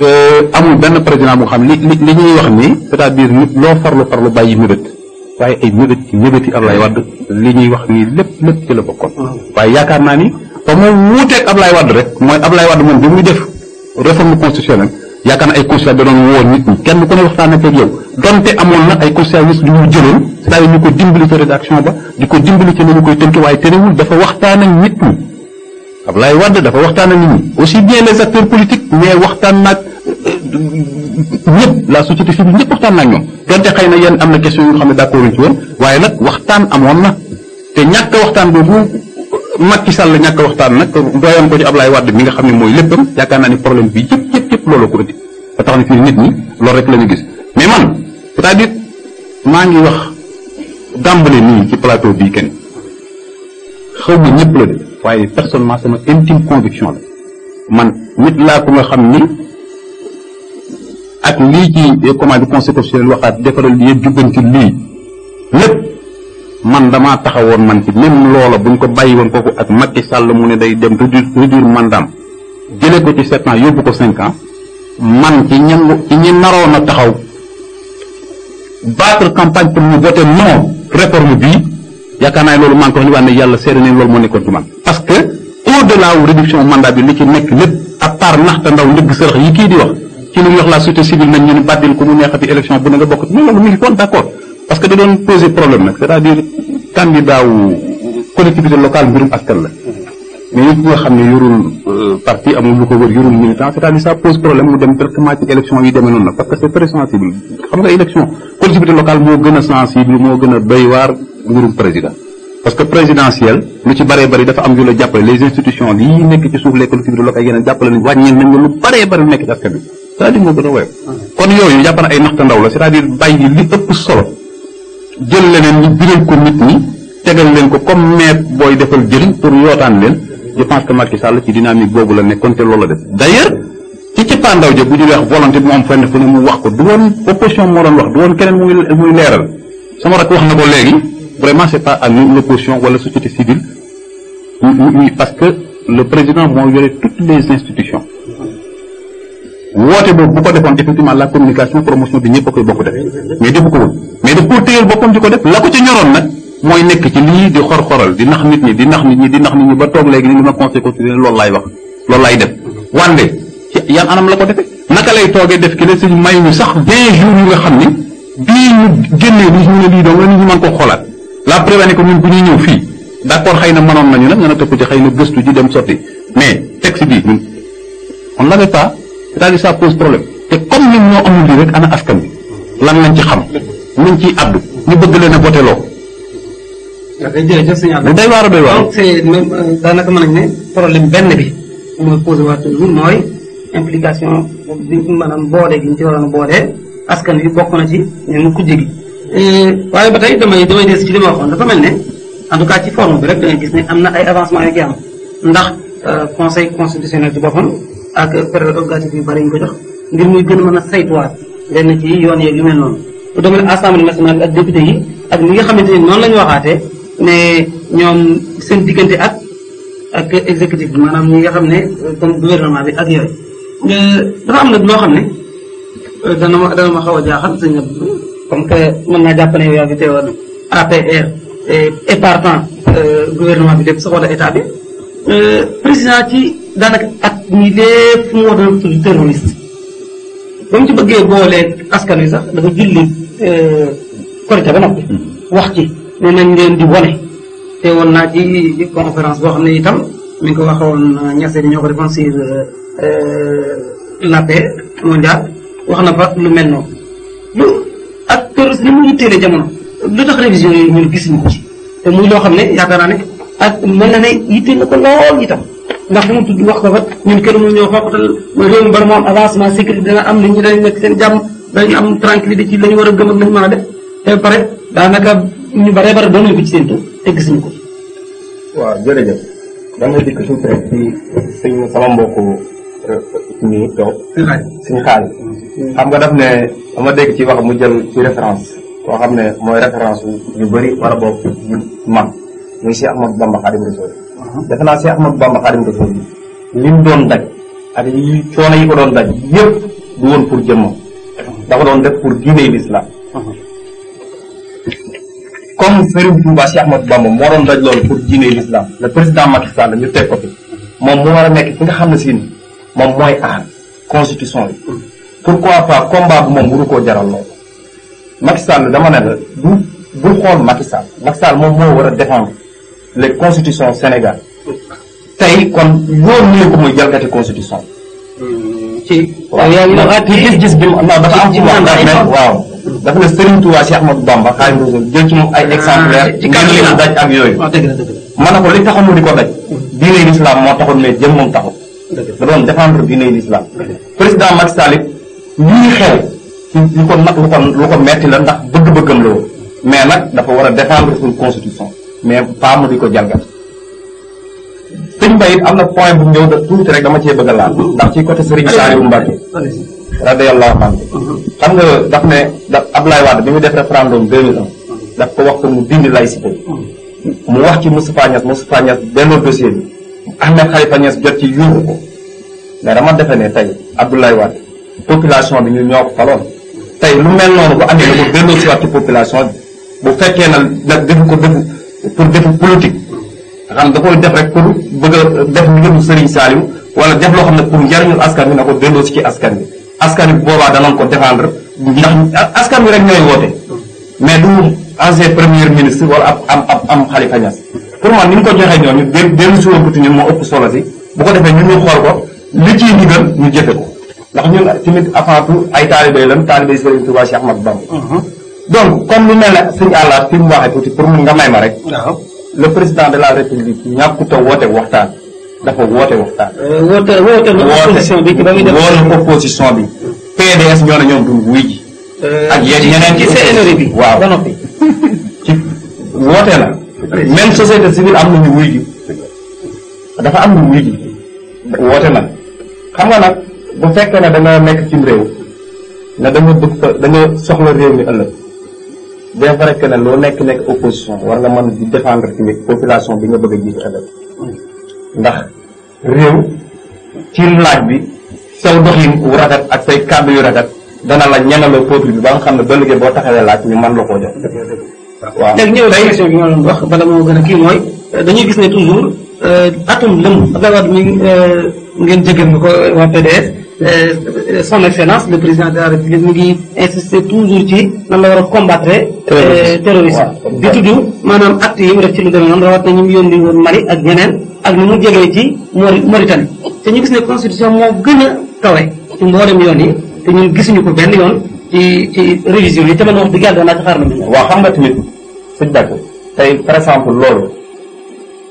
euh, amul benn président bu xam li li li ñuy wax nii c' est à dire lo loo farlu farlu bàyyi mébét waaye ay mébét ci mébéti Ablaye Wade li ñuy wax nii lépp lépp ci la bokkoon. waaye yaakaar naa ni ba mu wuuteeg Ablaye Wade rek mooy Ablaye Wade moom bi muy def réforme constitutionnelle yaakaar na ay conseillers da doon woo nit ñi kenn ku ne waxtaan ak yow donte amoon na ay conseillers yu ñu jëloon saa yu ñu ko dimbali ci rédaction ba di ko dimbali ci ni ñu koy tënk waaye terewul dafa waxtaan ak nit ñi. ablay Wade dafa waxtaan ak nit ñi aussi bien les acteurs politiques mais waxtaan nak euh, ñëpp la société civile ñëpp waxtaan nak ñom donte xëy na yéen am question yu nga d'accord ci woon waaye nag waxtaan won na te ñàkk waxtaan bu Macky Sall ñàkk waxtaan nak doyam ko ci ablay Wade mi nga xam moy leppam yakana ni problème bi yëpp yëpp yëpp loolu ko indi ba tax ni fi nit ñi loolu rek lañu gis mais man c' est à dire maa ngi wax dàmbale ni ci plateau bi kenn xaw ma ñëpp la def waaye personnellement sama intime conviction la man nit laa ko nga xam ni ak lii ci commande bi conseil constitutionnel waxaat defaral lii ci lii lépp man damaa taxawoon man ci même loola buñ ko bàyyi woon kooku ak Macky Sall mu ne day dem réduire mandam jële ko ci sept ans yóbbu ko cinq ans man ci ñam ci ñi naroon a taxaw battre campagne pour ñu voter non réforme bii yaakaar naa loolu maa ngi ko wax ni waa ne yàlla seere ne loolu moo nekkoon ci man au-delà wu réduction mandat bi li ci nekk lépp à part naxta ndaw ndëgg sërëx yi kii di wax ci lu ñu wax la société civile nañ bàddil ko mu neexati élection bu na bokk mais loolu que da doon poser problème nag la nga xam ne yorul euh, parti amul lu ko wër yorul militant c'est-à-dire ça pose problème mu dem directement ci élection yi demee noonu la parce que c'est très sensible xam nga élection collectivité locale moo gën a sensible moo gën a doy waar mbirum président parce que présidentiel lu ci bare bare dafa am yu la jappale les institutions yi nekk ci suuf lekk lu ci biir ak yeneen jàppale nañ wàññeel nañ lu bare bare nekk ci askan bi c' est à dire moo gën a woyof kon yooyu jàpp ay naxta ndaw la c'est à dire bàyyi li ëpp solo jël leneen ñu biral ko nit ñi tegal leen ko comme maire booy defal jëriñ pour yootaan leen je pense que Macky Sall ci dynamique boobu la nekkoon te loolu la def d' ailleurs ci ci pandaw ja bu ñu wax volonté mu am fenn fu ne mu wax ko du woon opposition moo doon wax du woon keneen mu muy leeral sama rak wax na ko léegi vraiment c'est pas à nous l'opposition wala société civile oui, oui, parce que le président moo yore toutes les institutions woote boobu bu ko effectivement la communication promotion de ñëpp a koy bokk def mais defu ko mais daf koo téyal boppam di ko def la ko ci ñoroon nag mooy nekk ci lii di xor-xoral di nax nit ñi di nax nit ñi di nax nit ñi ba toog léegi ni li ma conseil constitutionnel loolu laay wax loolu lay def wande ci yan anam la ko defee naka lay toogee def ki ne suñu may ñu sax vingt jours yu nga xam ni bii ñu génnee lii ñu ne lii doom la nit ñi mën ko xoolaat la preuve ko ñun bu ñuy ñëw fii d' accord xëy na mënoon nañu nag nga a topp ci xëy na gëstu ji dem sotti mais texte bi ñun on l' avait pas c' est pose problème te comme ñun ñoo amul lii rek ana askan bi lan lañ ci xam luñ ciy addu ñu bëgg leen a boteloo. jërëjëf sëñ Abdou day waar a doy waar. donc euh, benn bi mooy posé waat toujours mooy implication bi maanaam boode gi askan wi bokk na ci ñoom kujje gi. Eh, waaye ba tey damay damay des ci li ma waxoon dafa mel ne en tout cas ci forme bi rek da ngay gis ne am na ay avancement yu ci am ndax euh, conseil constitutionnel ci boppam ak prérogative yu bari ñu ko jox ngir muy gën mën a saytuwaat lenn ci yoon yeeg yu mel noonu bu demee assemblée nationale ak député yi ak li nga xamante ni noonu la ñu waxaatee ne ñoom seen diggante ak ak exécutif bi maanaam ñi nga xam ne euh, comme gouvernement bi ak yooyu euh, dafa am nag loo xam ne dana ma dana ma xaw a jaaxal sëñ comme que mën naa jàpp ne yow yaa ngi teewoon APR et par temps euh, gouvernement bi lépp sax wala état bi euh, président ci daanaka at ñi lépp mu war terroriste ba mu ci bëggee boolee askan wi sax dafa julli euh, korite ba noppi mm-hmm. wax ci ne nañ leen di wone te woon naa ci conférence boo xam ne itam mi ngi ko ñasee ni ñoo ko defoon la paix mondiale wax na fa lu mel noonu ak kër ni mu itteele jamono lu tax yooyu ñun gis ñu ko te muy loo ne yaakaar naa ne ak mel na ne yitteel na ko lool itam ndax li mu tudd wax ko fa ñun kër mu ñëw xooqatal réew mi bari mu am avancement sécurité dina am nit ñi dañu nekk seen jàmm dañu am tranquillité ci la ñu war a gëm ak nañu a def te pare daanaka ñu baree bare doon nañu ko ci seen tool te gis ñu ko. waaw jërëjëf da nga dikk suuf rek ci sama mbokku. ñi toog suñu xaalis xam nga daf ne dama dégg ci wax mu jël ci référence koo xam ne mooy référence ñu bëri wala boog ñu mag muy Cheikh Ahmadou Bamba Khadim Rasoul defe naa Cheikh Ahmadou Bamba Khadim Rasoul li mu doon daj ak yi coono yi ko doon daj yëpp du woon pour jëmmam dafa doon def pour diine l'islam comme Serigne Touba Cheikh Ahmadou Bamba moo doon daj loolu pour diine l'islam le président Macky Sall ñu teg ko fi moom mu war a nekk fi nga xam ne siin moom mooy aar constitution bi pourquoi pas combat bu moom waru koo jaral loolu Macky Sall dama ne bu bu xool Macky Sall moom moo war a défendre les constitutions Sénégal tey kon yoon nii ko muy jalgati constitution hmm, ci mu am ci wax ndax ne waaw dafa jël ci moom ay ah, exemplaire ngir leen yooyu ah, mën na ko li taxoon di ko daj diine l'islam moo taxoon mais jëm moom taxul doon défendre diine l'islam président Macky Sall it lii xew ko nag lu ko lu ko metti la ndax bëgg-bëggam la mais dafa défendre constitution mais di ko jalgat sëñ point bu ñëw da tuuti rek dama cee bëgg a ndax ci côté Serigne Saliou Mbacké radiyallahu anhu xam nga daf ne da Ablaye bi mu def référendum daf ko wax ko mu dindi laïcité mu wax ci Moustapha Moustapha benn dossier Ahmed Khalifa Niass jot ci yuuxu ko mais dama defe ne tey Abdoulaye Wade population bi ñu ñoo ko faloon tey lu mel noonu ko amee lu mu delloo si waat population bi bu fekkee na nag defu ko defu pour defu politique xam da def rek pour bëgg a def njëriñu Serigne Saliou wala def loo xam ne pour njariñul askan bi na ko delloo si ci askan bi askan bi boobaa danoon ko defendre ndax askan bi rek ñooy woote mais du ancien premier ministre wala ab am am Khalifa Niass pour man ni ñu ko joxee ñooñu benn benn suwamputi ñun moo ëpp solo si bu ko defee ñun ñu xool ko li ciy ndigal ñu jëfe ko ndax ñun tamit avant tout ay taalibé lan taalibé Serigne Touba Cheikh Ahmadou Bamba mhm. donc comme lu mel ne suñu àllaat fi mu nga may ma rek le président de la république ñàkkut a woote waxtaan dafa woote waxtaan euh, woote woote na opposition bi woo na opposition bi PDS ñoo ne ñoom duñ wuy ji euh, ak yéen ñeneen ci CNRI bi waaw ba noppi ci woote la même société civile am nañu wuy ji dafa am na wuy ji woote nag xam nga nag bu fekkee ne da nga nekk ci réew ne da nga bëgg soxla réew mi ëllëg bien vrai que ne loo nekk nekk opposition war nga man di défendre ci population bi nga bëgg a jiite ëllëg ndax réew ci laaj bi saw doxin wu rafet ak say kàddu yu rafet dana la ñangaloo peuple bi ba nga xam ne ba liggéey boo taxawee laaj ñu man la ko jox waaw léegi ñëw na question bi ma doon wax bala moo gën a kii mooy dañuy gis ne toujours euh, atum lëmm Abdoulaye Wade mi euh, ngeen jégal ma ko waa PDS euh, son excellence le président mu ngi insister toujours ci nan la war a combattre terrorisme di tudd maanaam acte yi mu def ci lu demee noonu rawat na ñu mu woon Mali ak ñeneen ak ni mu jegee ci Mauritanie te ñu gis ne constitution moo gën a kawe ci mboolem yoon yi te ñun gisuñu ko benn yoon ci ci révision yi te man wax dëgg yàlla naa ci xaar lu waaw xam nga tamit suñu dàkk tey par exemple loolu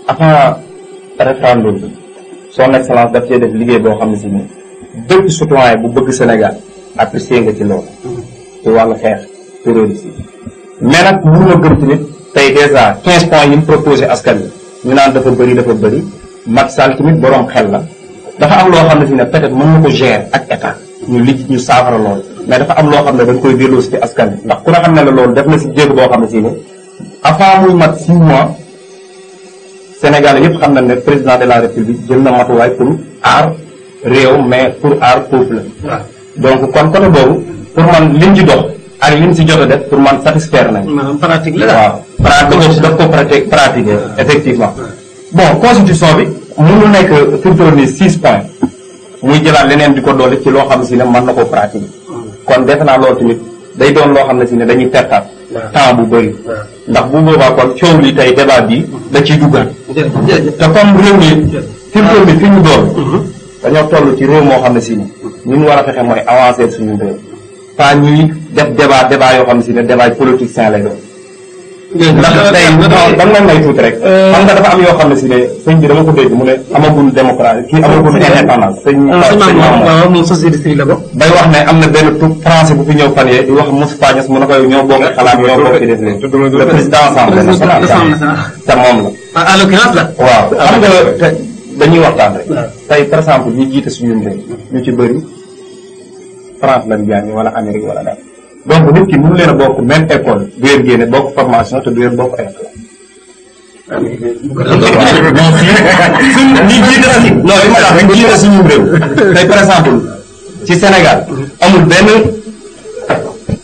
avant référendum bi son excellence daf cee def liggéey boo xam ne si ne bépp citoyen bu bëgg Sénégal apprécié nga ci loolu ci wàllu xeex terroriste mais nag mun na gëm tamit tey dèjà quinze points yi mu proposé askan wi ñu naan dafa bëri dafa bëri Macky Sall tamit boroom xel la dafa am loo xam ne si ne peut mën na ko gérer ak état ñu lijj ñu saafara loolu mais dafa am loo xam ne dañ koy delloo ci askan bi ndax ku ne xam ne la loolu def na ci jéego boo xam ne si ne avant muy mat 6 mois Sénégal yëpp xam na ne président de la république jël na matuwaay pour aar réew mais pour aar peuple la donc kon côté boobu pour man lim ci dox ak lim ci jot a def pour man satisfaire nañ maanaam pratique la waaw pratique daf ko pratique pratiquer effectivement bon constitution bi mënul nekk fi mu toll nii 6 points muy jëlaat leneen di ko doole ci loo xam si ne mën na ko pratiquer kon defe naa loolu tamit day doon loo xam ne si ne dañuy pertaat temps bu bëri ndax bu boobaa kon coow li tey débat bii da ci duggaat te comme réew mi culture bi fi ñu doon mm-hmm. dañoo toll ci réew moo xam ne si ni ñun war a fexe mooy avancer suñu réew pas ñuy def débat débat yoo xam ne si ne débat politique sain lay ndax tey dam na may tuuti rek xam euh, nga dafa am yoo xam ne si ne sëñ bi dama ko dégg mu ne amagul démocratie kii amagul ah, indépendance sëñ ah, moom société civile la ko bay wax ne am na benn tout français bu fi ñëw fan yee di wax Moustapha Niass mu ne koy ñoo bokk xalaat ñoo bokk idées le président assemblée nationale te moom la en ah, l'occurrence la waaw xam nga dañuy waxtaan rek tey par exemple ñu jiite suñu réew ñu ci bëri France lañ jàng wala Amérique wala daal donc nit ki mënu leen a bokk même école bu leen génne bokk formation te du leen bokk école non li ma tax ñi jiite si ñu réew tey par exemple ci Sénégal amul benn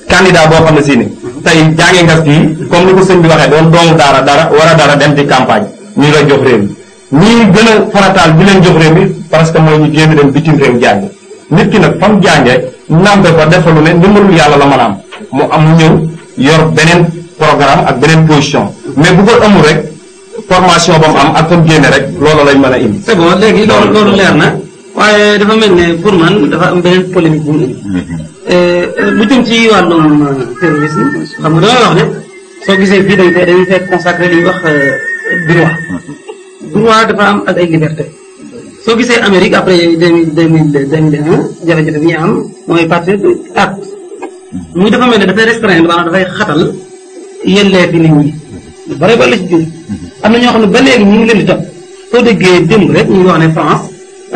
candidat boo xam ne sii ni tey jàngee nga fii comme ni ko sëñ bi waxee doon doomu dara dara war a dara dem ci campagne ñu la jox réew mi ñii gën a farataal bi leen jox réew mi parce que mooy ñu génn dem bitim réew jàng nit ki nag fam jàngee nampe ko defalu ne ndimbalul yàlla la mën am mu am mu ñëw yor beneen programme ak beneen position mais bu ko amul rek formation ba am ak comme génne rek loolu lañ mën a indi. c'est léegi loolu loolu leer na waaye dafa mel ne pour man dafa am beneen polémique bu mu indi. lu euh, jëm ci wàllum terrorisme xam nga damay wax ne soo gisee fii dañuy fekk dañuy fekk consacré li ñuy wax euh, droit dafa am ak ay liberté. soo gisee Amérique après deux mille deux mille deux mille un jafe-jafe bi ñu am mooy parti ak ah, muy dafa mel ne dafay restreindre maanaam dafay xatal yellee fi nit ñi lu bare ba la ci jur am na ñoo xam ne ba léegi ñu ngi leen di topp soo déggee démb rek ñu ngi wax ne France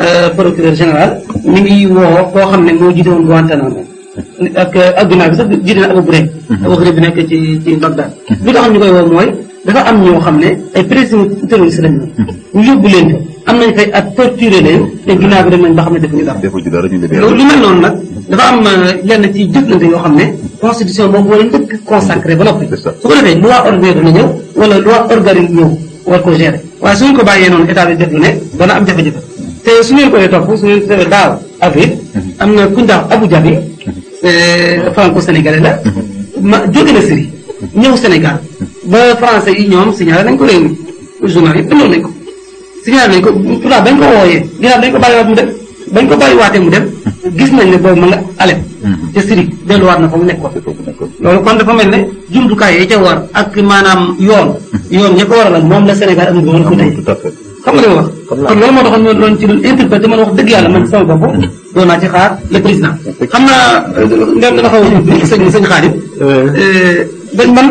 euh, procureur général mi ngi woo koo xam ne moo jiite woon Guantanamo ak adduna bi sax jiite na Abu Ghraib mhm. Abu Ghraib bi nekk ci ci Bagdad lu tax ñu koy woo mooy dafa am ñoo xam ne ay président terroriste lañu mhm. ñu yóbbu leen ko am nañ fay at torturé leen xam ne defuñu dara. defuñu dara ñu libéré loolu lu mel noonu nag dafa am lenn euh, ci jëflante yoo xam ne constitution boobu wala njëkk consacré ba noppi. su ko defee loi ordinaire na ñëw wala loi organique ñëw war ko gérer waaye suñu ko bàyyee noonu état bi def te su ngeen koy topp su ngeen defee daaw avril mhm. am na ku ñu daaw Abu Dhabi mhm. euh, franco sénégalais la mhm. ma jóge na Syrie ñëw Sénégal ba français yi ñoom signalé nañ ko réew mi journal yëpp bindoon nañ ko signalé nañ ko pourtant bañ ko wooyee ko bàyyiwaat mu dem bañ ko bàyyiwaatee mu dem gis nañ ne boobu ma nga alep te mm-hmm. siri delluwaat na fa mu nekkoon loolu kon dafa mel ne jumtukaay yi ca war ak maanaam yoon mm-hmm. yoon ña ko war a lan moom la Sénégal am mën ko tey xam nga li ma wax kon loolu moo taxoon ñoo doon ci doon interprété man wax dëgg yàlla man sama bopp mm-hmm. doon ci xaar le président xam naa ndem dana xaw a sëñ sëñ xaarit euh, dañ man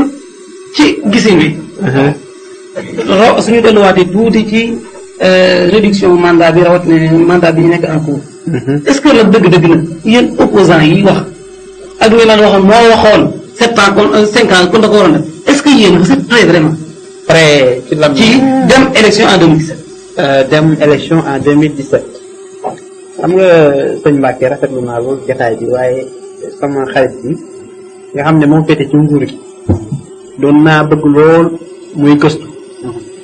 ci gisin wi suñu delluwaatee tuuti ci Euh, réduction mandat bi rawat ne mandat bi ñu nekk en cours mm-hmm. est-ce que la dëgg-dëgg nag yéen opposants yi wax ak ñu moo waxoon sept ans kon euh, cinq ans kon da ko waroon def dem élection en 2017 euh, dem élection xam nga sëñ Mbacke rafetlu naa loolu jataay bi waaye sama xarit bi nga xam ne moom féete ci nguur gi doon naa bëgg lool muy gëstu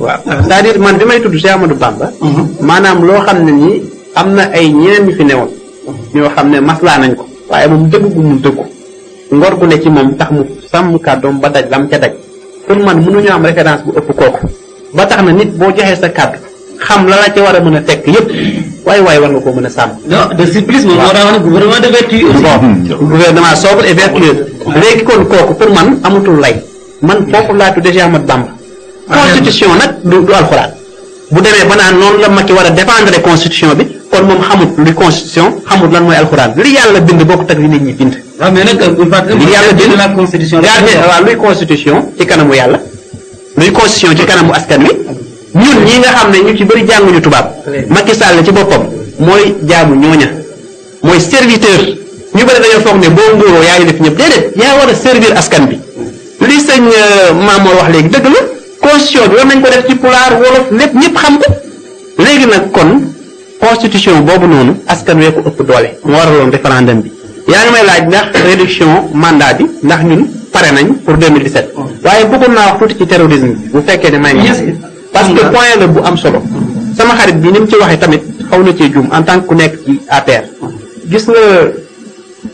waaw c'est-à-dire man bi may tudd Cheikh Amadou Bamba. Mhm. maanaam loo xam ne nii am na ay ñeneen ñu fi newoon. Mhm. ñoo xam ne maslaa nañ ko. waaye moom dëgg gu mu dëggu. ngor gu ne ci moom tax mu sàmm kàddoom ba daj lam ca daj. pour man mënuñu am référence bu ëpp kooku. ba tax na nit boo joxee sa kàddu. xam la la ci war a mën a tekk yëpp waaye waaye war nga ko mën a sàmm. non de surprise moom moo tax gouvernement de vertu bon hmm. gouvernement léegi kon kooku pour man amatul lay. man foofu laa tuddee Cheikh Ahmadou constitution nag du du alxuraan bu demee ba naan noonu la Macky war a défendre constitution bi kon moom xamut luy constitution xamut lan mooy alxuraan li yàlla bind bokkut ak li nit ñi bind. waaw mais nag bu fàttali yàlla bind la constitution. waaw luy constitution ci yàlla luy constitution ci kanamu askan wi ñun ñi nga xam ñu ci bëri jànguñu tubaab. Macky Sall ci boppam mooy jaamu ñooña mooy serviteur ñu bëri dañoo foog ne boo nguuroo yaa ngi def ñëpp déedéet yaa war a servir askan bi li sëñ euh, Mamour wax léegi dëgg la. constitution bi nañ ko def ci pulaar wolof lépp ñëpp xam ko léegi nag kon constitution boobu noonu askan wee ëpp doole moo waraloon référendum bi yaa ngi may laaj ndax réduction mandat bi ndax ñun pare nañ pour 2017 waaye bëggoon naa wax tuuti ci terrorisme bi bu fekkee ne may nga parce que point la bu am solo sama xarit bi ni mu ci waxee tamit xaw na cee juum en tant que ku nekk ci APR gis nga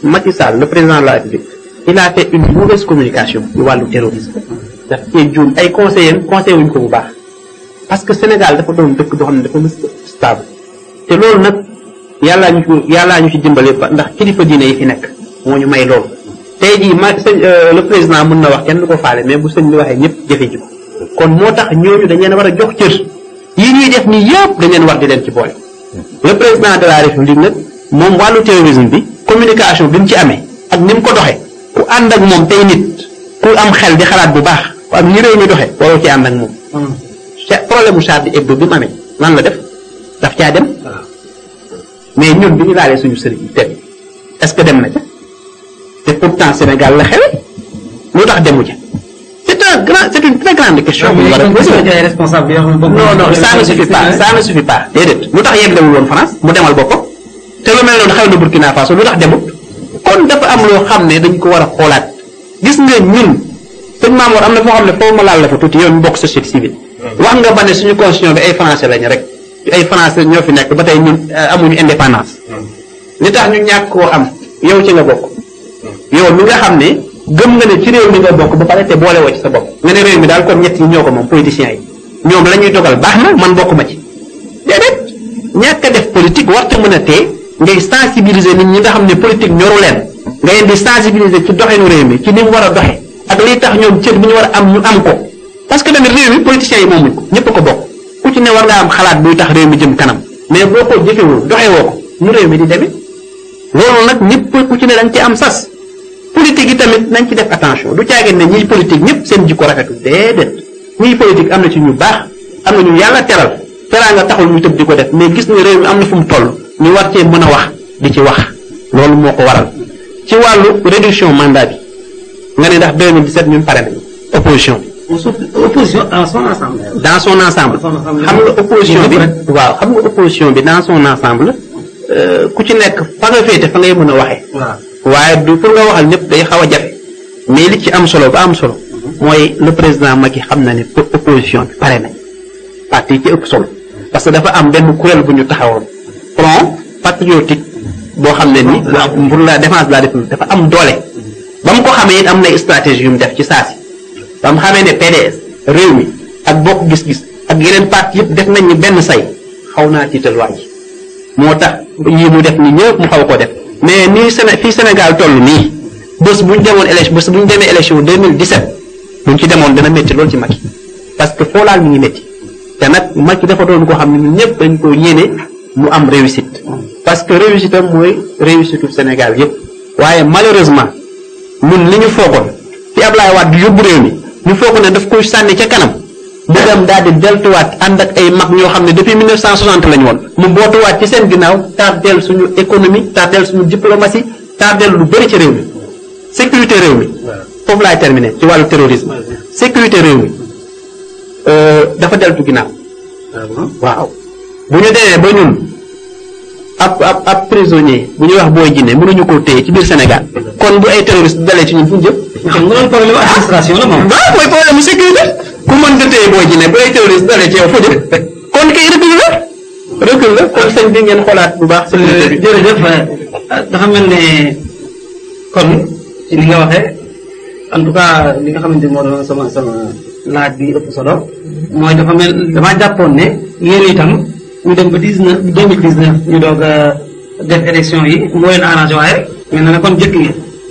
Macky Sall le président de la République il a fait une mauvaise communication wàllu terrorisme daf cee juum ay conseillers am conseil wuñ ko bu baax parce que Sénégal dafa doon dëkk boo xam ne dafa stable te loolu nag yàllaa ñu ko yàllaa ñu ci dimbale ba ndax kilifa diine yi fi nekk moo ñu may loolu. tey jii ma sëñ euh, le président mën na wax kenn du ko faale mais bu sëñ bi waxee ñëpp jëfe ji ko kon moo tax ñooñu dañ leen war a jox cër yi ñuy def nii yëpp dañ leen di leen ci boole. le président de la république nag moom wàllu terrorisme bi communication bi ci amee ak ni ko doxee ku xel di xalaat bu baax. waaw ni réew mi doxee waroo ci ànd ak moom. Hmm. ca problème mu Charlie Hebdo bi mu amee lan la def daf caa dem. Ah. mais ñun bi ñu laalee suñu sëriñ yi tamit est-ce que dem na ca te pourtant Sénégal la xewee lu tax demu ca c'est un grand ah, a poser lu tax yegg demul woon France mu demal boppa te lu mel noonu xew na Burkina Faso lu tax demut kon dafa am loo xam ne dañ ko war a xoolaat gis nga ñun. sëñ Maamoor am na foo xam ne foofu ma laal la fa tuuti yow mi bokk société civile. Mm. wax nga ba ne suñu constitution bi ay français lañu rek ay français ñoo fi nekk ba tey ñun euh, amuñu indépendance. Mm. li tax ñu ñàkk koo am yow ci nga bokk. Mm. yow mi nga xam ne gëm nga ne ci réew mi nga bokk ba pare te boole woo ci sa bopp. nga ne réew mi daal kon ñett yi ñoo ko moom politiciens yi ñoom la ñuy dogal baax na man bokk ma ci. déedéet ñàkk a def politique warta mën a tee ngay sensibiliser nit ñi nga xam ne politique ñoru leen. nga leen di sensibiliser ci doxinu mi ci ni war a doxe ak liy tax ñoom cër bi ñu war a am ñu am ko parce que tamit réew mi politiciens yi moomuñ ko ñëpp ko bokk ku ci ne war ngaa am xalaat buy tax réew mi jëm kanam mais boo ko jëfewul doxee woo ko ñu réew mi di demee loolu nag ñëpp ku ci ne dañ ci am sas politique yi tamit nañ ci def attention du caagin ne ñiy politique ñëpp seen jikko rafetul déedéet ñiy politique am na ci ñu baax am na ñu yàlla teral teraa nga taxul ñu tëb di ko def mais gis ne réew mi am na fu mu toll ñu war cee mën a wax di ci wax loolu moo ko waral ci wàllu réduction mandat bi nga ne ndax 2017 ñun pare nañu opposition bi. opposition dans son ensemble. dans son ensemble xam nga opposition bi waaw xam nga opposition bi dans son ensemble. Euh, ku ci nekk fa nga féete fa ngay mën a waxee. waaye du pour nga waxal ñëpp day xaw a jafe mais li ci am solo ba am solo. mooy le président Macky xam na ne pour opposition bi pare nañ parti ci ëpp solo parce que dafa am benn kuréel bu ñu taxawoon front patriotique boo xam ne ni. pour la défense de la République dafa am doole. ba mu ko xamee it am na stratégie yu mu def ci saasi ba mu xamee ne PDS réew mi ak bokk gis-gis ak yeneen parti yëpp def nañ ñu benn say xaw naa tiital waa moo tax yii mu def ni ñëpp mu xaw ko def mais nii Séné fii Sénégal toll nii bés bu ñu demoon élection bés bu ñu demee élection 2017 bu ñu ci demoon dana métti loolu ci Macky parce que foo laal mi ngi métti te nag Macky dafa doon koo xam ne ñun ñëpp dañ ko yéene mu am réussite. parce que réussite am mooy réussite Sénégal yëpp waaye malheureusement. ñun li ñu foogoon fi Ablaye Wade yóbbu réew mi ñu foogoon ne daf koy sànni ca kanam bëggam daal di deltuwaat ànd ak ay mag ñoo xam ne depuis 1960 la ñu woon mu bootuwaat ci seen ginnaaw tardeel suñu économie tardeel suñu diplomatie tardeel lu bëri ci réew mi sécurité réew mi foofu laay terminé ci wàllu terrorisme sécurité réew mi euh, dafa deltu ginnaaw ah waaw bu ñu demee ba ñun ab ab ab prisonnier bu ñuy wax booy jinne ñu koo téye ci biir Sénégal kon bu ay terroriste dalee ci ñun fu ñu jëm. xam nga loolu problème administration la moom. waaw mooy problème sécurité ku mën kon kay recul la recul la kon sëñ bi ngeen xoolaat bu baax. sécurité bi euh, jërëjëf euh, dafa mel ne kon ci li nga waxee en tout cas li nga xamante moo doon laaj bi ëpp solo mooy damaa jàppoon ne yéen itam. ñu dem ba dix neuf deux mille dix ñu doog a def élection yi moo leen arrangé waaye mais na kon jëkk yi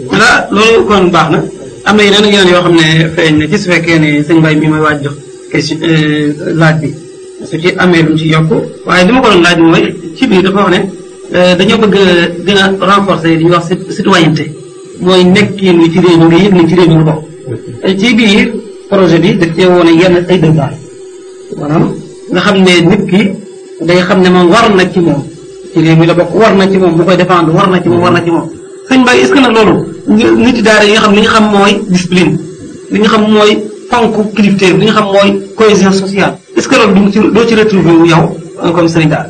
voilà loolu kon baax na am na yeneen yeneen yoo xam ne feeñ na ci su fekkee ne sëñ Mbaye mi may waaj jox question euh, laaj bi su ci amee lu ci yokk waaye li ma ko doon mooy ci biir dafa wax ne euh, dañoo bëgg gën a renforcer li ñuy wax citoyenneté mooy nekkin wi ci réew nga yëg ni ci réew nga bokk ci biir projet bi daf cee woon yenn ay devoir nga xam ne nit ki day xam ne moom war na ci moom ci réew la bokk war na ci moom bu koy défendre war na ci moom war na ci moom sëñ Baye est-ce que nag loolu nit daara yi xam li ñu xam mooy discipline li ñu xam mooy fonk kilifteef li ñu xam mooy cohésion sociale est-ce que loolu duñ ci doo ci retrouver wu yow euh, comme sëriñ daara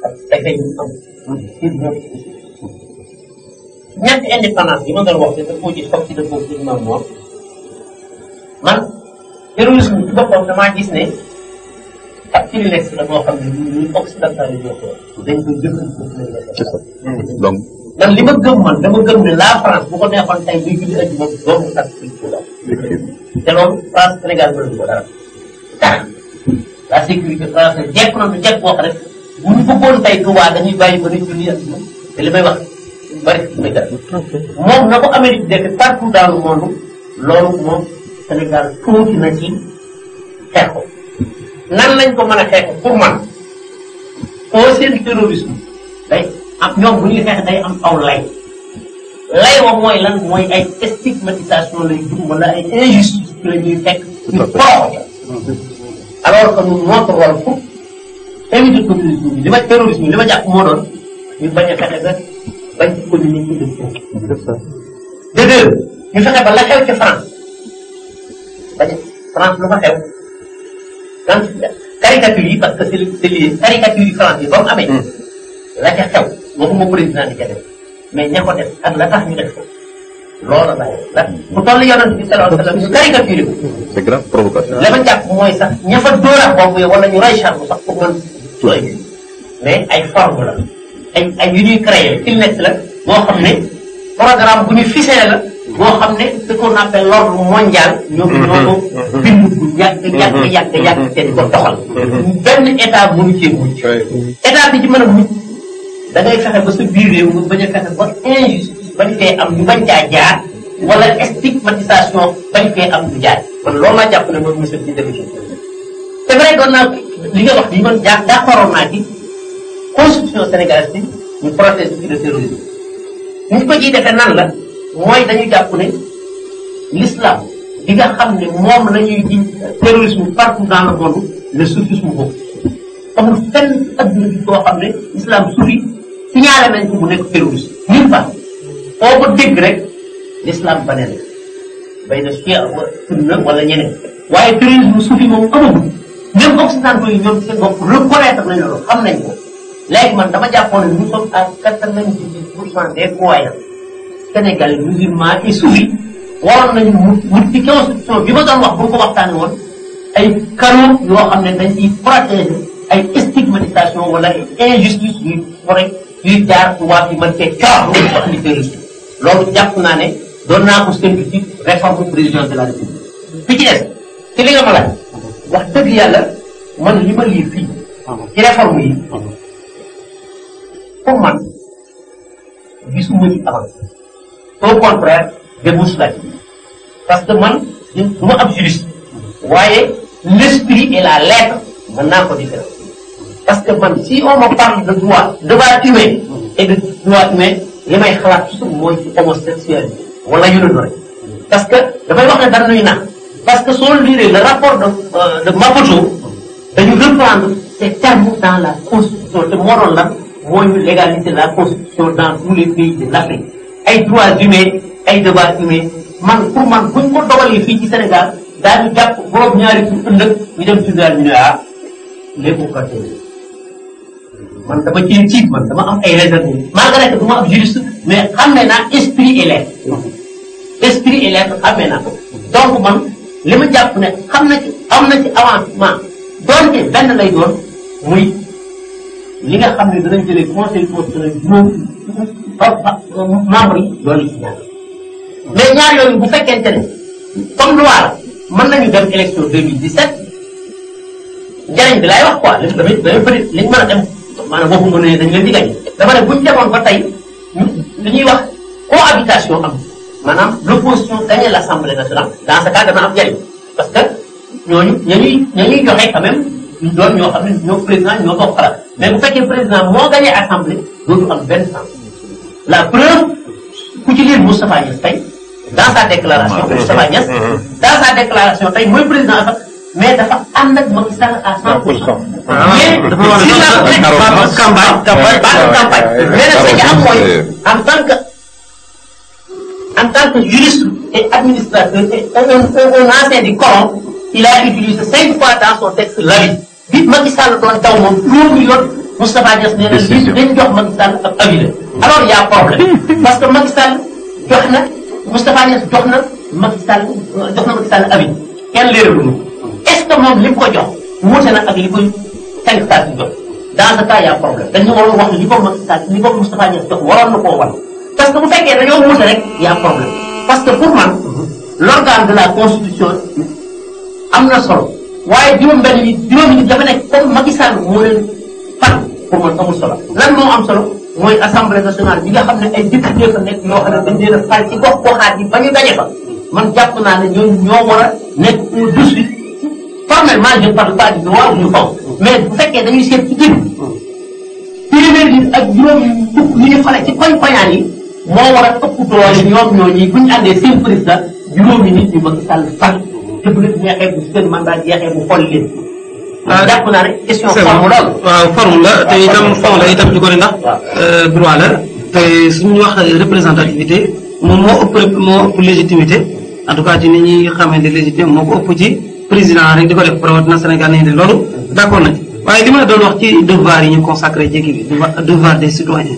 dafay ñetti indépendance bi ma doon wax te da koo gis comme si da koo gis moom moom man terrorisme bi ci boppam damaa gis ne ak privilège la boo xam ne ñun ñun occidental yi ko dañ koy jëfandikoo. donc man li ma gëm man dama gëm ne la France bu ko neexoon tey buy julli aju moom doomu sax duñ ko daal. te loolu France Sénégal mënuñu ko dara. la sécurité française jekk na lu jekk boo xam ne. bu ñu bëggoon tey Touba dañuy bàyyi ba dañu julli àjjuma te li may wax bari may def moom na ko Amérique nekk partout dans le monde loolu moom Sénégal tuuti na ci xeex ko nan lañ ko mën a xeex pour man conscience du terrorisme day am ñoom bu ñuy xeex day am aw lay lay wa mooy lan mooy ay stigmatisation lay jur wala ay injustice la ñuy fekk ñu provoqué alors que nous notre rôle pour éviter populisme bi li ma terrorisme li ma jàpp moo doon ñu bañ a fexe ba bañ ko de France bañ France lu xew caricature yi parce que France yi ba mu amee la ca xew di ca def mais ña ko def ak la tax ñu def ko la la bu toll yonent bi ñu caricature ko grave provocation la ma jàpp mooy sax ña fa yooyu mais ay forme la ay ay yu créer illness la boo xam ne programme bu ñu ficelé la boo xam ne ce qu'on appelle l'ordre mondial ñoom ñoo ko mm-hmm. bind bu yàgg mm-hmm. yàgg yàgg yàgg mm-hmm. te di ko doxal benn état mënu cee mucc état bi ci mën a mucc da ngay fexe ba sa biir réew nga bañ a fexe ba injustice bañ fee am ñu bañ caa jaar wala stigmatisation bañ fee am du jaar kon loolu laa jàpp ne moom monsieur Dieng def ci c'est vrai que li nga wax nii man ja d'accord naa ci constitution sénégalaise bi ñu protéger ci le terrorisme ni ñu ko ciy la mooy dañu jàpp ne l'islam bi nga xam ne moom la jiñ terrorisme partout dans le monde le soufisme amul fenn adduna bi koo xam ne islam suufi signalé nañ nekk terroriste ñun ba foo dégg rek l'islam baneen bay na chia sunna ñeneen waaye terrorisme suufi moom amagul même occidentaux yi ñoom seen bopp reconnaître nañu loolu xam nañ ko léegi man dama jàppoon ne nous sommes à quatre-vingt-dix pour cent des croyants sénégalais musulmans et soumis waroon nañu wut ci constitution bi ma doon wax bu ko waxtaanee woon ay canaux yoo xam ne dañ ciy protéger ay stigmatisation wala ay injustice yuy pare yuy jaar tubaab yi mën cee caaxaan lu tax ñu terroriste loolu jàpp naa ne doon naa ko séntu ci réforme président de la république. fi ci des ci li nga ma laaj. wax dëgg yàlla man li ma lii fii ci réforme yi pour man gisuma ci avancé au contraire débouche la ci parce que man du ma ab waaye l'esprit et la lettre mën naa ko différencier parce que man si on me parle de droit devoir humain et de droit humain li may xalaat toujours mooy ci homosexuel wala yu ne doon parce que dafay wax ne dara parce que soo lire rapport de euh, de Maputo dañu reprendre ces termes dans la constitution te moo doon lan moo ñu légaliser la constitution dans tous les pays de l'Afrique ay droits humains ay devoirs humains man pour man buñ ko dogalee fii ci Sénégal daañu jàpp boobu ñaari pour ëllëg ñu dem tribunal ñu ne ah lépp man dama ciy tiit man dama am ay réserve malgré que du ma am juriste mais naa esprit et lettre esprit et naa ko man li mu jàpp ne xam na ci am na ci avancement doonte benn lay doon muy li nga xam ne danañ jëlee conseil constitutionnel juróom membre yi doon ci ñaar mais ñaar yooyu bu fekkente ne comme loi la mën nañu dem élection 2017 njëriñ bi laay wax quoi lépp damay damay bëri liñ mën a dem maanaam waxuma ne dañ leen di gañ dama ne buñ demoon ba tey li ñuy wax cohabitation am maanaam l'opposition gagne l'Assemblée nationale dans ce cas dana am njariñ parce que ñooñu ñañuy ñañuy joxe quand même ñu doon ñoo xam ne ñoo président ñoo bokk xalaat mais bu fekkee président benn sens la preuve ku ci lire Moustapha tey dans sa déclaration Moustapha Niass dans tey mooy président sax dafa ànd ak Macky Sall à 100 pour cent ah, ah, mais dafa war a campagne campagne ah, campagne mais am mooy en tant que juriste et administrateur et un, ancien du Coran, il a utilisé cinq fois dans son texte l'avis. bi Macky Sall dans taw moom juróomi yoon Moustapha Niass nee na bis dañ Macky Sall ak avis la mm. alors y' a problème parce que Macky Sall jox na Moustapha Niass jox Macky Sall jox na Macky Sall avis kenn leeraluñu est ce que moom li mu ko jox wuute na ak li koy cinq Sall jox dans ce cas y' a problème dañu waroon wax li ko Macky Sall li ko Moustapha Niass jox waroon na koo wan. parce que bu fekkee dañoo wuute rek y' a problème parce que pour man l' organe de la constitution am na solo waaye juróom-benn yi juróomi nit dafa nekk comme Macky Sall moo leen fan pour man amul solo lan moo am solo mooy assemblée nationale bi nga xam ne ay député fa nekk yoo xam ne dañ leen a fal ci gox goxaat yi ba ñu daje fa man jàpp naa ne ñooñu ñoo war a nekk au dessus formellement je parle pas du ñu faw mais bu fekkee dañuy seet ci ak juróom fukk ñu ñu ci koñ koñaan yi moo war a ëpp doole ñoom ñooñi buñ àndee seen président juróomi nit ñu Macky Sall fan te bu leen neexee bu seen mandat jeexee mu xool leen jàpp naa ne question forme la waaw forme la te itam fond la itam di ko ne ndax droit la te suñu wax représentativité moom moo ëpp moo ëpp légitimité en tout cas ci ni ñuy xamante légitimité moo ko ëpp ci président rek di ko def rawat na Sénégal nañu loolu d' accord nañ waaye li ma doon wax ci devoir yi ñu consacré jékki bi devoir des citoyens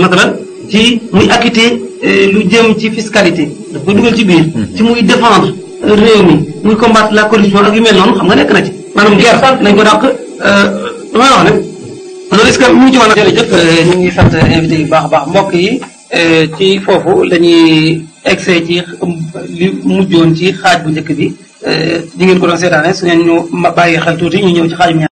matalan ci muy acquitté euh, lu jëm ci fiscalité daf koy dugal ci biir mhm. ci muy défendre euh, réew mi muy combattre la corruption ak yu mel noonu xam nga nekk na ci maanaam guerre nañ ko dàq damay euh, wax ne loolu est-ce que mu ngi ci ñu ngi sant invité yu baax a baax mbokk yi ci foofu lañuy ñuy egsee ci mu mujjoon ci xaaj bu njëkk bi di ngeen ko doon seetaane su ngeen ñu bàyyi xel tuuti ñu ñëw ci xaaj